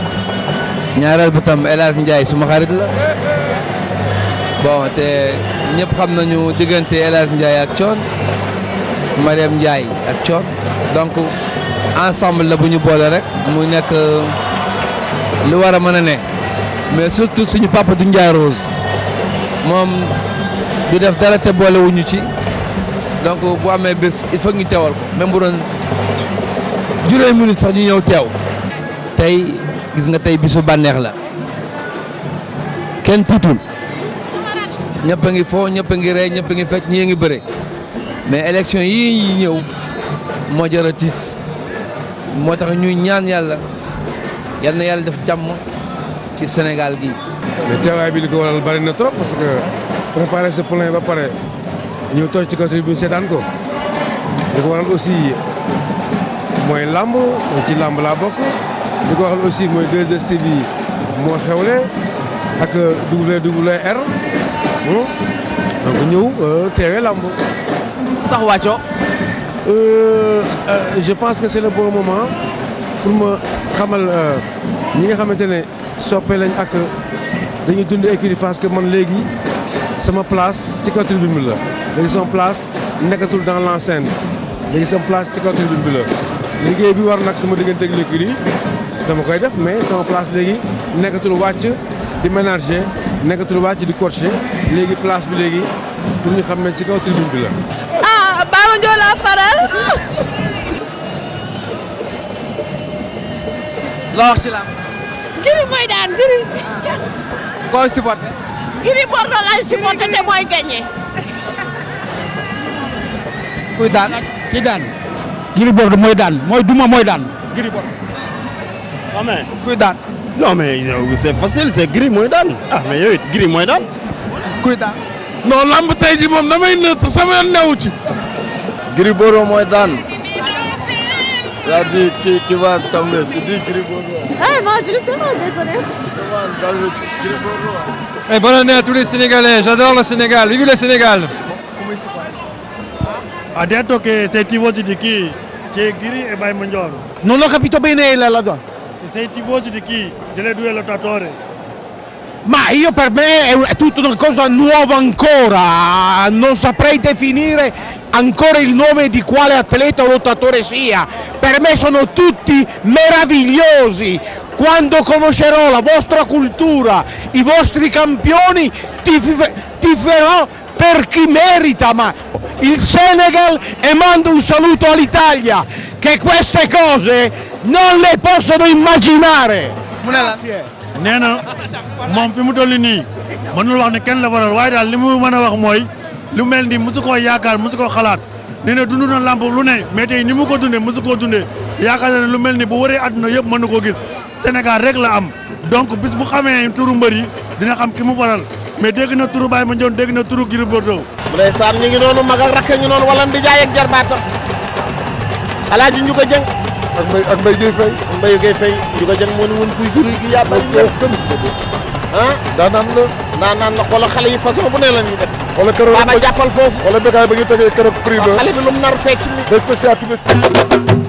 ñaareel ba tam El Hadj suma xarit la bon ñëpp xam nañu diggante El Hadj Ndiaye ak Thione Mariam Ndiaye ak Thione donc ensemble la bu ñu boole rek mu nekk euh, lu war a mën a ne mais surtout suñu papa du Ndiaye Rose moom du def dara te boole wuñu ci donc bu amee bés il faut ñu teewal ko même bu doon juróomi minutes sax ñu ñëw teew. tey gis nga tey bisu bànneex la kenn tiitul. ñëpp a ngi foo ñëpp ngi rey ñëpp a ngi fecc ngi bëre mais élection yii ñëw moo jar moo tax ñuy ñaan yàlla yal na yàlla def jàmm ci senegal gi mais teewaay bi li ko waral bari na trop parce que préparer ce plan ñëw toog ci côté bi seetaan ko li ko waral aussi mooy làmb ci làmb laa bokk li ko waral aussi mooy 2STV yi moo xewle ak WWR Mmh. donc ñëw euh, teewe lamb tax wàccoo euh, euh, je pense que c'est le bon moment pour ma xamal ñi nga xamante ne soppe lañ ak dañu dund écurie Fass que man léegi sama place ci kaw tribune bi la léegi sama place nekkatul dans l'enceinte léegi sama place ci kaw tribune bi la liggéey bi war nag sama diggante ak l'écurie dama koy def mais sama place léegi nekkatul wàcc di ménager nekkatul wàcc di coacher léegi place bi léegi pour ñu xam ne ci kaw tribune bi la. ah Baba Ndiol laa faral. loo wax ci la. Gris mooy daan Gris. koo supporté. Gris Bordeaux laay supporté te mooy gagné. kuy daan ki daan. Gris Bordeaux mooy daan mooy duma mooy daan. Gris Bordeaux. waaw ah, mais kuy daan. non mais c'est facile c'est Gris mooy daan ah mais yow it Gris mooy daan. kuy daan. non lamb tey ji moom damay nëtt sama yoon newu ci. Gris Bordeaux mooy daan. yaa di kii kii va tomber c'est dit Gris Bordeaux. eh non je le sais pas désolé. Et eh, bonne année à tous les Sénégalais, j'adore le Sénégal, vive le Sénégal. Comment il s'appelle Ah detto di chi? Che Giri e Baymondion. Non ho capito bene la la. Sei tifoso di chi? Delle due lottatori. Ma io per me è, tutta una cosa nuova ancora, non saprei definire ancora il nome di quale atleta o lottatore sia, per me sono tutti meravigliosi, quando conoscerò la vostra cultura, i vostri campioni, tif tiferò per chi merita, ma il Senegal e mando un saluto all'Italia, che queste cose non le possono immaginare. nee na moom fi mu toll nii mënul wax ne kenn la waral waaye daal li mu mën a wax mooy lu mel ni mosu koo yaakaar mosu ko xalaat nee na dund na làmp lu ne mais tey ni mu ko dundee mosu koo dundee yaakaar na ne lu mel ni bu waree àdduna yëpp mën na koo gis Sénégal rek la am donc bis bu xamee turu mbër yi dina xam ki mu waral mais dégg na turu Baye Mandione dégg na turu Gris Bordeaux. bu dee saan ñu ngi noonu mag a rakk ñu noonu wala ndi jaay ak jarbaatam ñu ko jëng. ak mbay ak mbay Guèye Faye. ak mbay Guèye moo ne woon kuy jur gi yàbbal ñëw ah daan naan la. daan naan la xoola xale yi façon bu ne la ñuy def. wala keroog baaba ba ñu tegee keroog prix ba xale bi lu nar fecc mi. spécial touristique.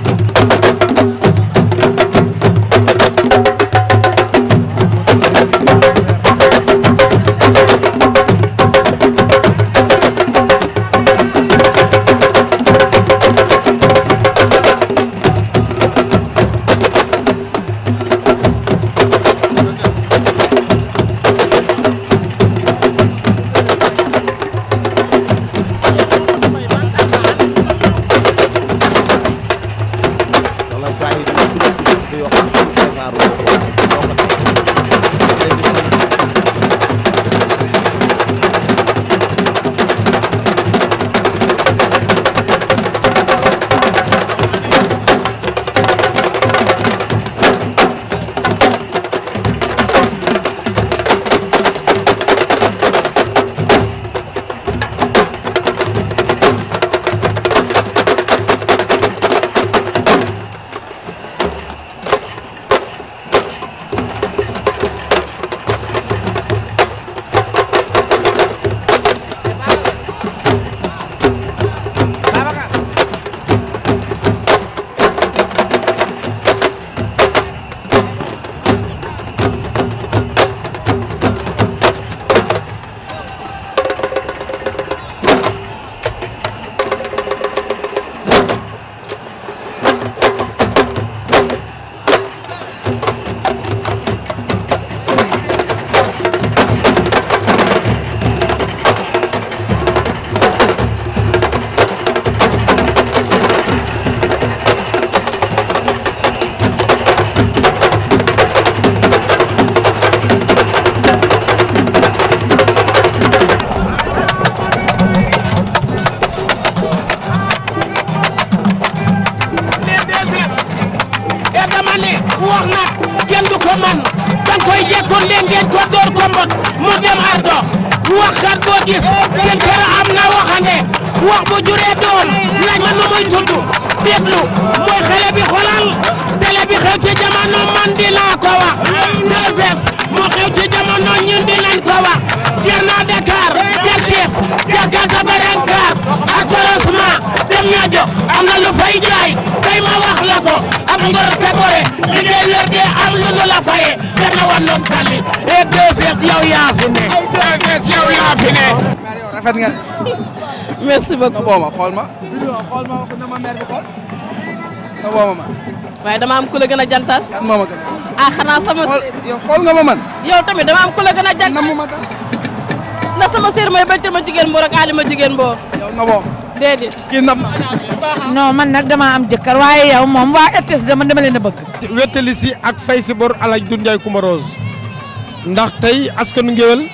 xool ma. vidéo xool ma wax na ma mère bi xool. nga woo ma a jantal. kan ma gën a. ah xanaa sama. yow xool nga ma man. yow tamit dama am ku la a jantal. namu ma dal. ndax mooy bëccëg ma jigéen mboor ak aali ma jigéen mboor. yow nga woo. déedéet kii na. non man nag dama am jëkkër waaye yow moom waa RTS dama dama leen a bëgg. wettali si ak fay si bor El Hadj Doudou Rose ndax tey askanu ngéwél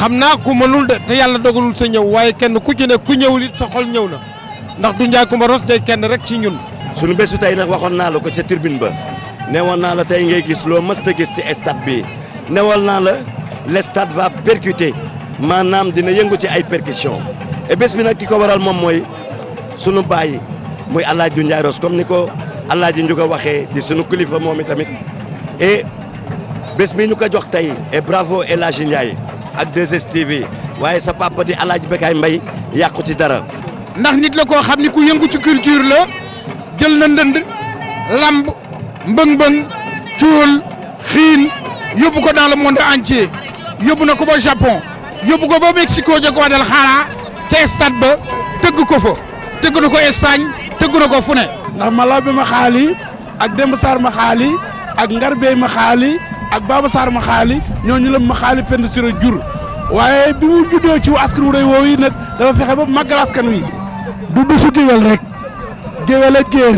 xam naa ku mënul de te yàlla dogalul sa ñëw waaye kenn ku ci ne ku ñëwul it sa xol ñëw na ndax du njaay kumba ros day kenn rek ci ñun. suñu bésu tey nag waxoon naa la ko ca tribune ba newoon naa la tey ngay gis loo mës a gis ci stade bi newoon naa la le stade va percuter maanaam dina yëngu ci ay percussion et bés bi nag ki ko waral moom mooy sunu baay muy El Hadj Ndiaye comme ni ko El Hadj Ndiouga waxee di sunu kilifa moom i tamit et bés bi ñu ko jox tey et bravo Ndiaye. ak 2STV waaye sa papa di El Hadj Bécaye Mbaye yàqu ci dara. ndax nit la koo xam ni ku yëngu ci culture la jël na ndënd lamb mbëng-mbëng cuul xiin yóbbu ko dans le monde yóbbu na ko ba Japon yóbbu ko ba Mexico ja ko dal xaaraa ca stade ba tëgg ko fa tëgg na ko Espagne tëgg na ko fu ne. ndax Malaw bi ma xaali ak Demba Sarr xaali ak Ngar xaali. ak Baba Sarr ma xaali ñooñu la ma xaali pend sira jur waaye bi mu juddoo ci askan wu rëy woowu yi nag dafa fexe ba màggal askan wi du bisu géwél rek géwél ak géer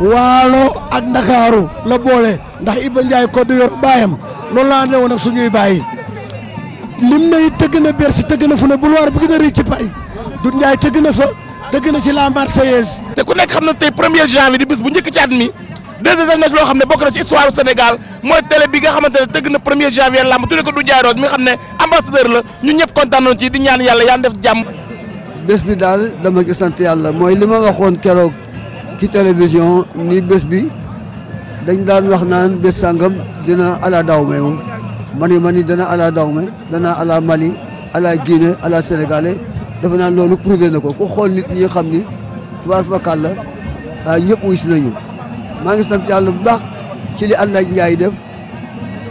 waalo ak ndakaaru la boole ndax Iba Ndiaye ko du yor baayam loolu laa ne ak suñuy bàyyi lim nay tëgg na Bercy tëgg na fu ne boulevard bu gën a rëy ci Paris Doudou Ndiaye tëgg na fa tëgg na ci la Marseillaise te ku nekk xam na tey premier janvier di bis bu njëkk ci at mi 2STV nag loo xam ne bokk na ci histoire Sénégal mooy télé bi nga xamante ne teg na premier janvier lamb tudde ko du Ndiaye Rose mi nga xam ne ambassadeur la ñun ñëpp kontaan nañu ci di ñaan yàlla yaan def jàmm bés bi daal dama ci sant yàlla mooy li ma waxoon keroog ci télévision ni bés bi dañ daan wax naan bés sàngam dina ala dawme moom mani mani dana ala dawme dana ala Mali ala Guinée ala Sénégalais dafa naan loolu prouvé na ko ku xool nit ñi xam ni tubaab fakal ah, ñëpp wuy nañu maa ngi sant yàlla bu baax ci li Alaaji Njaay def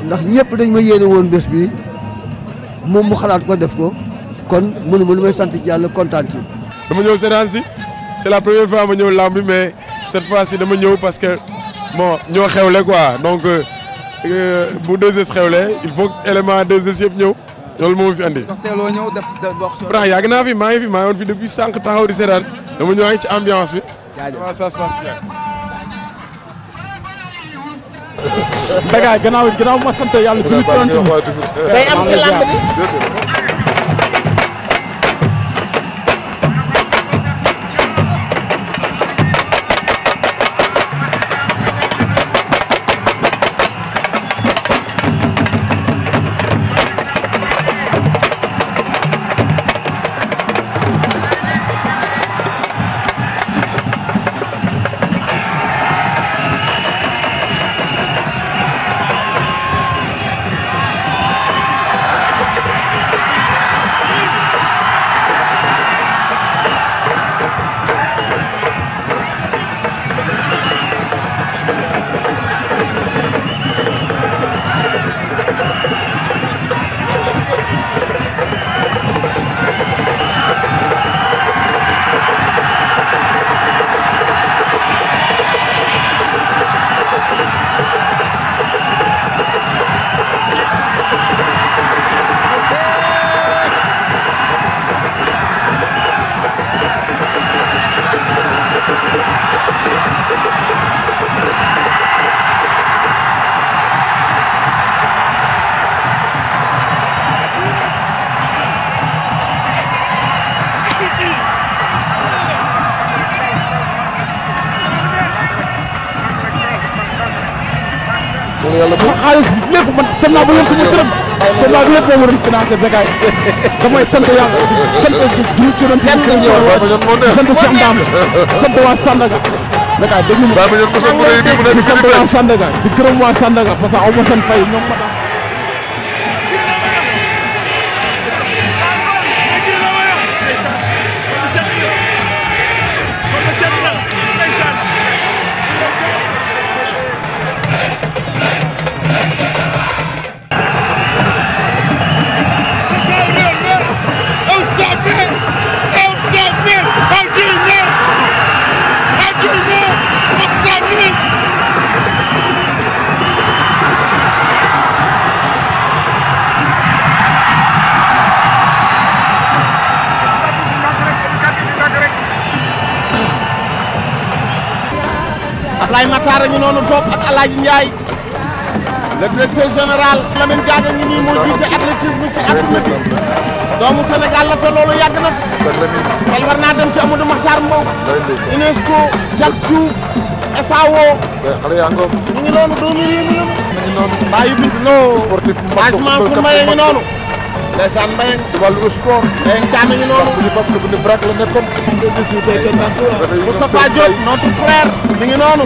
ndax ñëpp dañ ma yéene woon bés bi moom mu xalaat ko def ko kon mënu ma lu may sant ci kontaan ci. dama ñëw seetaan si c'est la première fois ma ñëw làmb bi mais cette fois ci dama ñëw parce que moo ñoo xewle quoi donc euh, bu 2S xewle il faut que élément 2S yëpp ñëw loolu moo fi andi. ndax teeloo ñëw def naa fi maa ngi fi maa ngi woon fi depuis sànq taxaw di seetaan dama ñëw ci ambiance bi. jaajëf ça se passe Bécaye gannaaw gannaaw ma sant yàlla. jullit day am ci lamb bi naa sant yàlla sant sant Cheikh Ndambe sant waa Sandaga Bécaye di sant waa Sandaga di gërëm waa Sandaga parce que aw ma fay ñoom ma Baye a ñu noonu toog ak El Hadj Ndiaye le directeur général Lamine Gaaga ngi nii moo jiite athlétisme ci àdduna si doomu Sénégal la te loolu na fi xel war naa dem ci Amadou Makhtar Mbow UNESCO Jack Diouf FAO ñu ngi noonu doomi mi noonu bàyyi bint noo sportif mbaa fu maye ngi noonu ndeysaan Mbaye ci wàllu sport Mbaye Thiam noonu ñu fop la nekkoon Moustapha Diop notre frère mi ngi noonu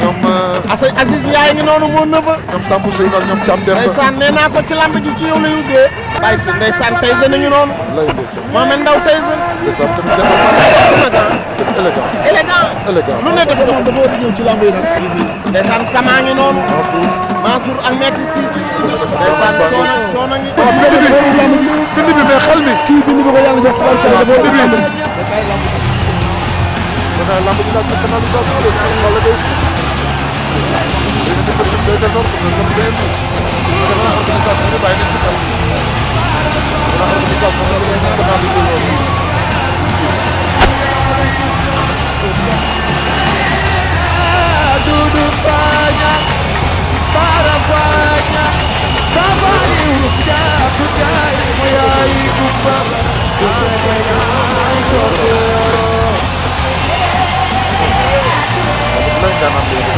ñoom euh, Assa Aziz yaay ngi noonu moo nëba ñoom Samb Seynou ñoom Thiam Demba ndeysaan nee ci lamb ci yow lay ubbee ay ndeysaan tey jën ñu noonu. lay ndeysaan Mohamed Ndao tey jën. ndeysaan tamit élégant élégant élégant ne dafa doon dafa war a ñëw ci lamb yi nag. ndeysaan kamaa ngi noonu. Mansour Mansour ak maître duduk banyak para banyak Sampai usia budaya Mayai kumpang Sampai kau berdoa Jangan ambil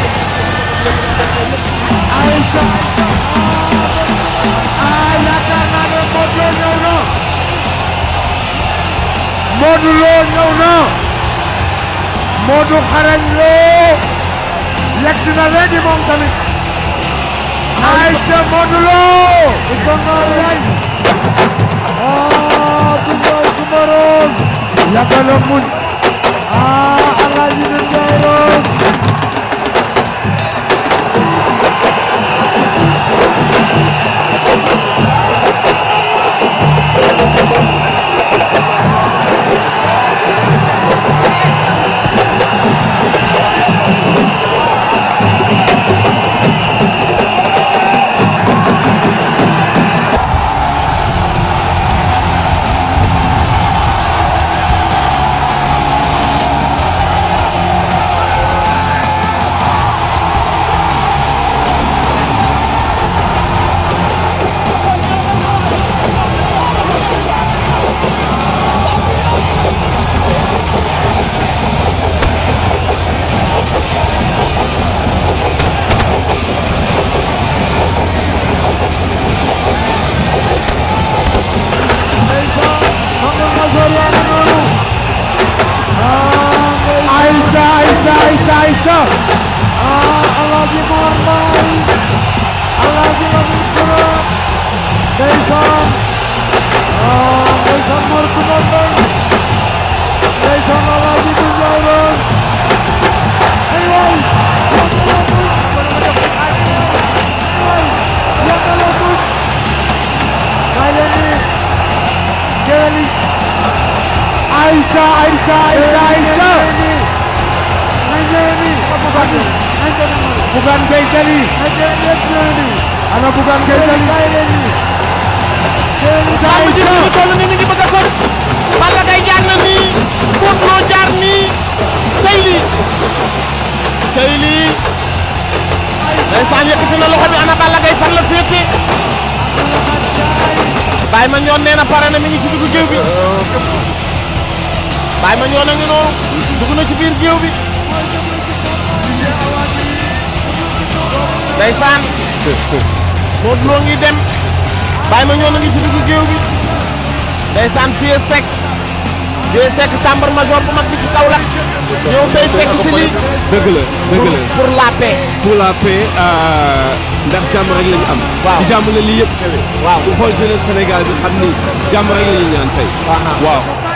Aisyah Modou Lo ñëw na Modou xarañ Lo yegg na léegi moom tamit ay ca Modou Lo i gonga lay aa bugoor kumaroon yaga la muñ aa ah, alaaji na njaaroon ñoom ñoo ngi ci digg géew bi ndeysaan Vieux Seck Vieux Seck tambour major bu mag bi ci Kaolack ñëw tey fekk si lii dëgg la dëgg la pour la paix euh, ndax jàmm rek lañ am waaw jàmm la yëpp xewee waaw bu xool jeunesse Sénégal bi xam ni jàmm rek la ñu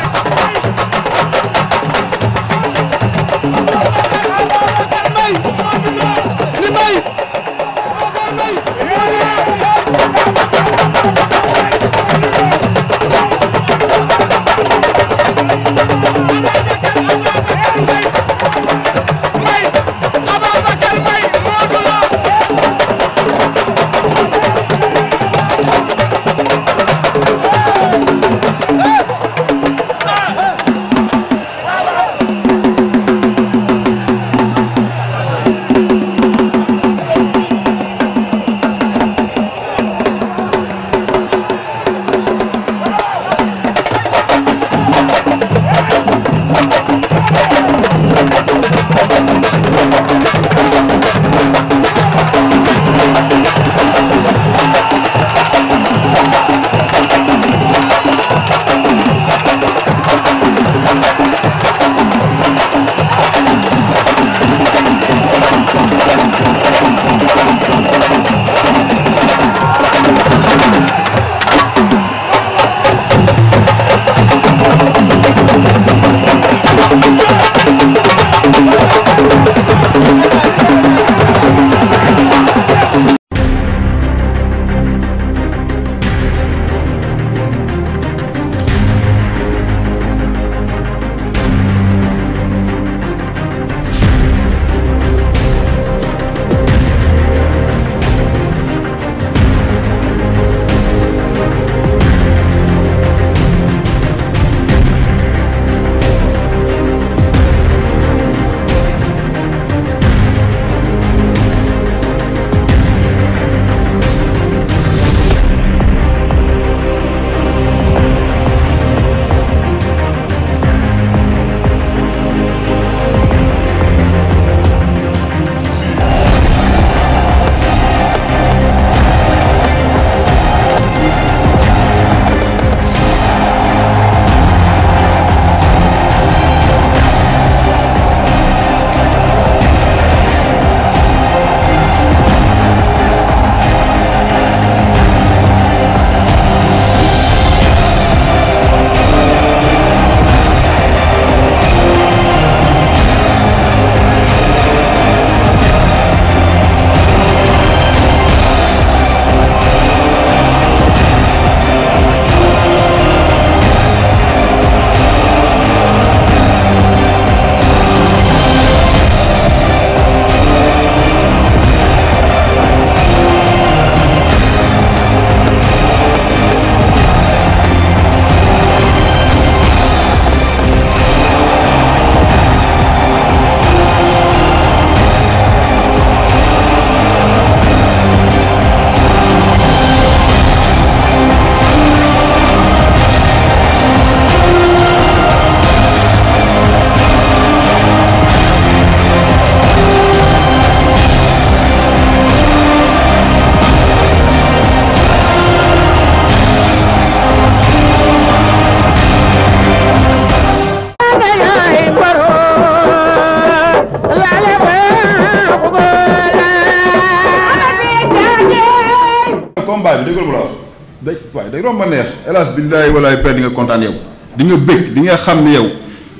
ah billaay walaay père di nga kontaan yow di bëgg di nga xam ne yow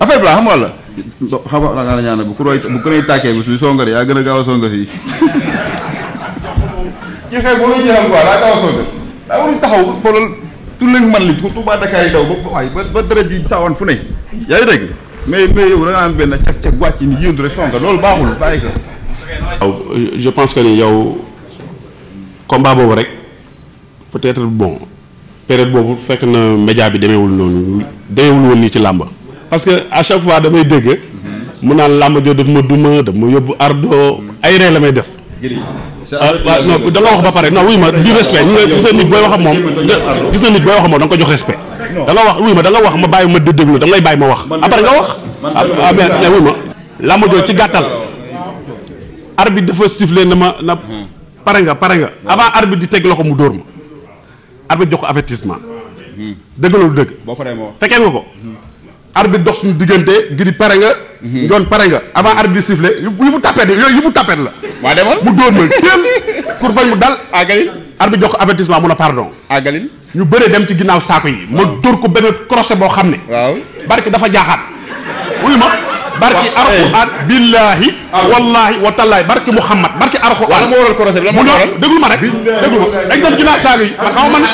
affaire bi laa xam nga bu ku roy a tàkkee bi suy songar yaa gën a gaaw a songar yi ci xew bu ñu jeexal quoi laa gaaw a songar daa war taxaw xoolal man li ko Touba Dakar yi daw ba fu ne yaa ngi dégg mais mais yow da nga am benn cag cag wàcc ni yéendu rek songar loolu baaxul bàyyi ko waaw je pense que ni yow combat boobu rek peut-être bon période boobu fekk na média bi demeewul noonu demeewul woon nii ci làmba parce que à chaque fois damay dégg mu naan làmb joo daf ma duma daf ma yóbbu ardo ay ree la may def ah, waaw non wax ba pare non wuy ma du respect gis na wax ak moom gis na nit booy wax ak moom da nga ko jox respect da wax wuy ma da wax ma bàyyi ma di déglu da ngay bàyyi ma wax après nga wax a ah, mais wuy ma làmb joo ci gàttal bi dafa sifflé na ma na pare nga pare nga avant arbitre di teg loxo mu dóor ma arbitre jox ko avertissement. dëgg loolu dëgg. boo paree ma wax fekkee nga ko. arbitre dox suñu diggante gi ngir pare nga. njoon pare nga avant arbitre di sifflé yu fu tapet yooyu yu fu tapet la. waa demal mu dóor ma jéem pour bañ mu dal. àggalil arbitre jox ko avertissement mun a pardon. àggalil ñu bëree dem ci ginnaaw saako yi. ma dóor ko benn crochet boo xam ne. waaw barke dafa jaaxaat wuyu ma. barki alxuraan billaahi wallaahi wa tallaahi barki muhammad barki alxuraan wala moo waral corosé bi lan moo waral déglu ma rek déglu ma dañ dem ginnaaw saaga yi man xamuma man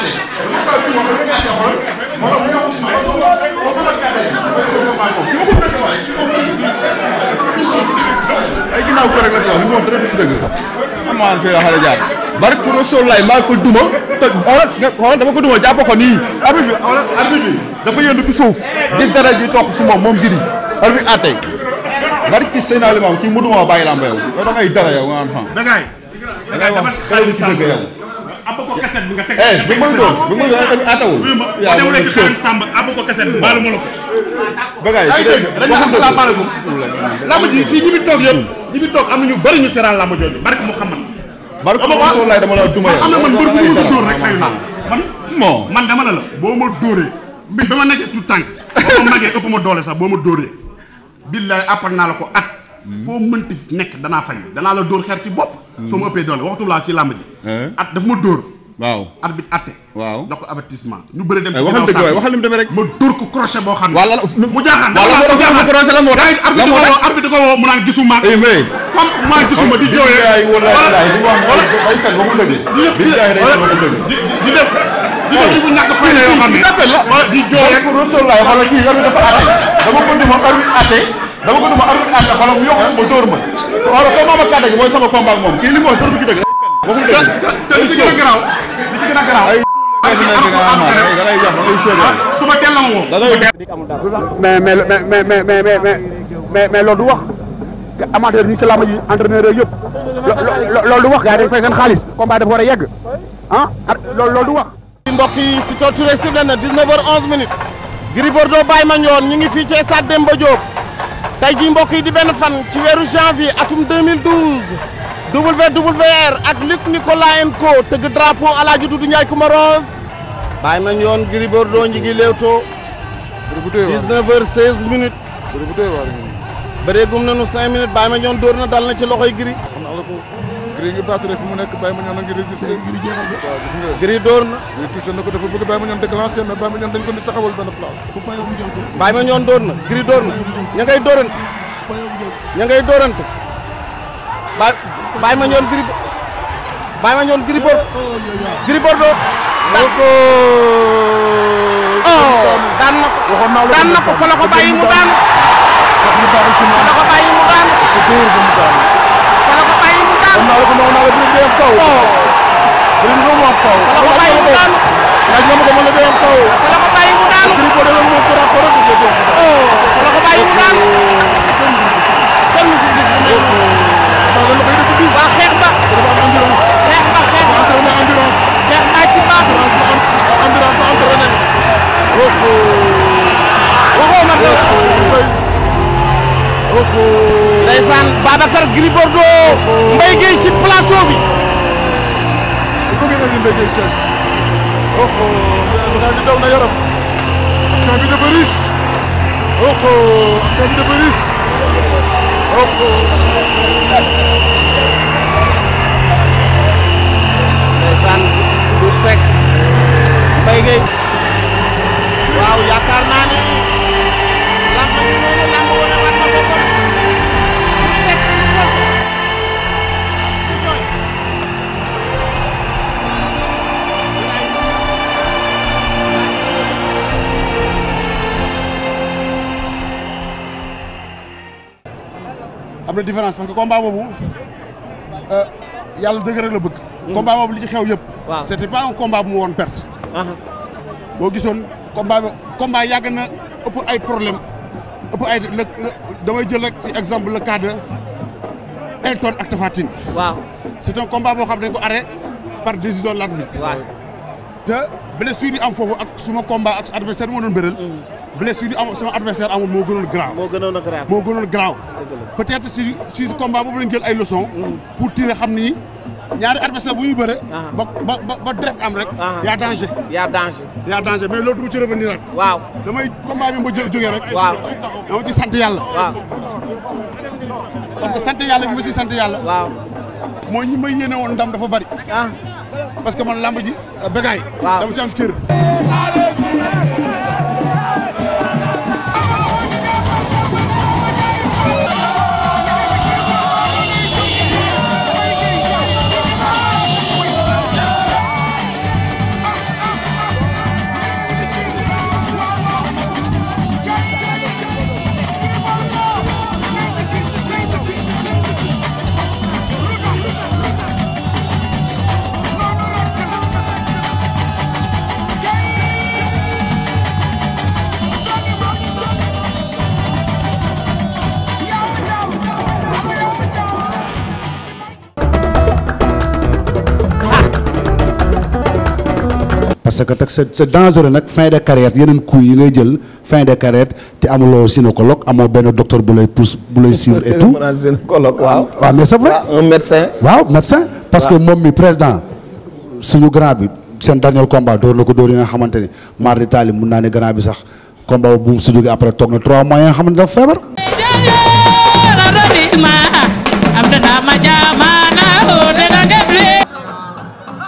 ay ginnaaw ko rek la wax li moom dara fi dëgg amaan fii la xale jaar barki rasulaay maa ko duma te xoolal xoolal dama ko duma jàpp ko nii arbitre bi arbitre bi dafa yëndu ci suuf gis dara ji toog si moom moom giri ar bi àttee barki sëy naa limaam kii mënuma bàyyi làmb da ngay dara yow nga naan fan da bi nga teg eh, bi may doon bi may doon tamit attawul yaa dem rek xaan sàmb abba ko kaset ma la ko da ngay ji fii ñi fi yëpp ñi fi am ñu bëri ñu seeraan làmb jooju barke Muhammad barke Muhammad lay dama la duma xam na man mbër bu musu dóor rek fayu naa man moo man dama la la boo ma dóoree bi ba ma nekkee tout tànk boo ma magee ëpp ma doole sax boo ma dóoree billaay àppal naa la ko at foo mënti nekk danaa bi danaa la dóor xer ci bopp soo ma ëppee doole waxtu laa ci làmb ji at dafa ma dóor waaw arbitre atte waaw jox ko avertissement ñu bëri dem waxal dëgg waay waxal li mu demee rek ma dóor ko crochet boo xam ne mu jaaxaan crochet la moo tax arbitre ko woo mu naan gisu ma comme gisuma di jooyee di wax di bu ñàkk fay la yoo xam ne appel la di jooy rek a garaaw li a garaaw ay mais mais mais mais mais mais mais loolu du wax amateur ñu ci làmb ji entraîneur yooyu yëpp loolu du wax gars yi dañ seen xaalis combat dafa war a yegg ah loolu du wax mbokk yi Sitor Touré sifflé na 19h11 minutes Gris Bordeaux Baye Mandione ngi fii ci stade Demba Diop tey jii mbokk yi di benn fan ci weeru janvier atum 2012 WWR ak Luc Nicolaï Co tëgg drapeau Alaaji Dudu Njaay Kuma Rose Baye Mandione Gris Bordeaux ñi ngi léewtoo minute h 16 minutes bëreegum nañu 5 minutes Baye Mandione dóor na dal na ci loxo loxoy Gris Gris ngi battre fu mu nekk Baye Mandione a ngi résister waaw gis nga Gris dóor na Gris touché na ko dafa bëgg Baye Mandione déclenché mais na Gris dóor na ña ngay dóorante ña ngay dóorante Baye Baye Mandione Gris oh, daan na ko daan na mu daan fa la mu daan daan naa la ko noonu naa la bëri day am kaw. bëri bi moom moo am kaw. fa la ko bàyyi mu daanu. laaj nga ma ko mën la day am kaw. fa la ko bàyyi mu daanu. bëri boo demee moom dara ko rek nga jox ko. fa la ko bàyyi mu daanu. kon ñu si gis ne. waaw lan la koy def bis. waa xeex ba. dafa am ambulance. xeex ba xeex ba. entraîné ambulance. xeex naa ci baax. ambulance ba am ambulance ba entraîné. waxoo ma dëgg. ndeysaan Babacar Gris Bordeaux Mbaye Gueye ci plateau bi di daw na yaram action bi dafa riis oho action bi dafa riis oho ndeysaan Doudou Seck Mbaye waaw yaakaar naa am na différence parce que combat boobu euh, yàlla dëgg rek la bëgg. combat boobu li ci xew yëpp. waaw c' était pas mu woon perte. Ah. boo gisoon combat bi yàgg na ëpp ay problème ëpp ay damay jël rek ci exemple le cas de Elton ak Tapha Tine. waaw c' est boo xam dañ ko arrêté par décision de l' te blessure yi am foofu ak suma combat ak adversaire moo doon bëral. Mm. blessure yi am sama adversaire amul moo gënoon grave. moo gënoon a grave moo gënoon grave. peut être si si combat boobu lañ jël ay leçons. Mm. pour tirer xam ni. ñaari adversaire bu ñu bëre. Ah. ba ba ba direct am rek. Ah. y' a danger. y' a danger. y' a danger mais loolu du ci revenir rek. waaw damay combat bi ma jógee rek. waaw dama ci sant yàlla. waaw parce que sant yàlla bi ma si sant yàlla. waaw moo ñi may yéene woon dam dafa bari. ah parce que man lamb ji euh, bégaay. waaw dama ci am parce que tag c'est c'est dangereux nag fin de carrière yeneen coups yi ngay jël fin de carrière te amuloo gynécologue amoo benn docteur bu lay pousse bu lay suivre et tout ah, waaw mais c'est vrai ah, médecin waaw médecin parce que moom mi président suñu grand bi seen dernier combat dóor na ko dóor yi nga xamante ni mardi taali mun naa ne grand bi sax combat bu mu si jógee après toog na trois mois yi nga xamante dafa feebar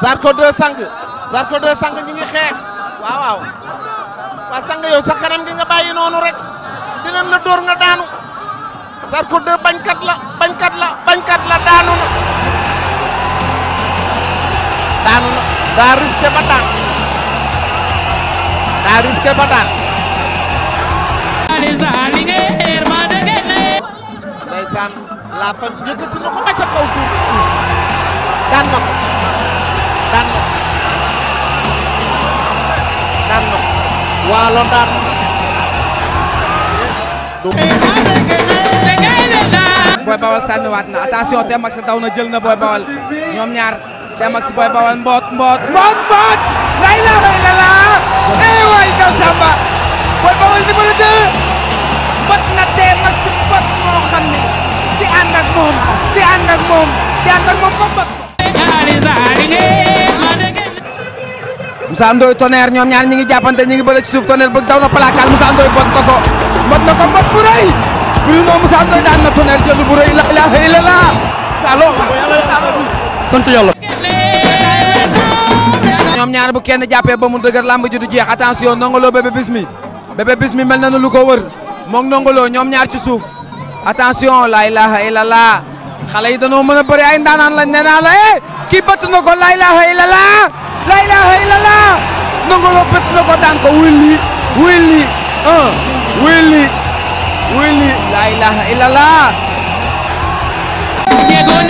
Zarko 2 sang Zarko de sang ñi ngi xeex waaw waaw waa sang yow sa kanam gi nga bàyyi noonu rek dinañ la dóor nga daanu Zarko de bañkat la bañkat la bañkat la daanu na daanu na daa risqué ba daan daa risqué ba daan ndeysaan la fa yëkkati na ko ba kaw dóor daan na ko waa London Boy Bawal sànniwaat na attention Temax daw na jël na Boy Bawal ñoom ñaar Temax Boy Bawal mboot mboot mboot mboot lay la lay la la eh waay Gaw Samba Boy Bawal numéro 2 mbot na Temax mbot moo xam ne di ànd ak moom di ànd ak moom di ànd ak moom ba mbot ko Moussa Ndoye Tonnerre ñoom ñaar ñi ngi jàppante ñi ngi bëre ci suuf Tonnerre bëgg daw na placal Moussa Ndoye bot ko ko bot na ko bot bu rëy Bruno daan na Tonnerre jël bu rëy la ilaha illallah allo sant ñoom ñaar bu kenn jàppee ba mu dëgër làmb ji du jeex attention nongoloo bébé bismi bébé mi mel na nu lu ko wër moog nongoloo ñoom ñaar ci suuf attention la ilaha illallah xale yi danoo mën a bëri ay ndaanaan lañ nee la eh kii bëtt laa ilaaha illallah laa ilaaha illallah Ndongo Lo bëtt na ko daan ko wulli laa ilaaha illallah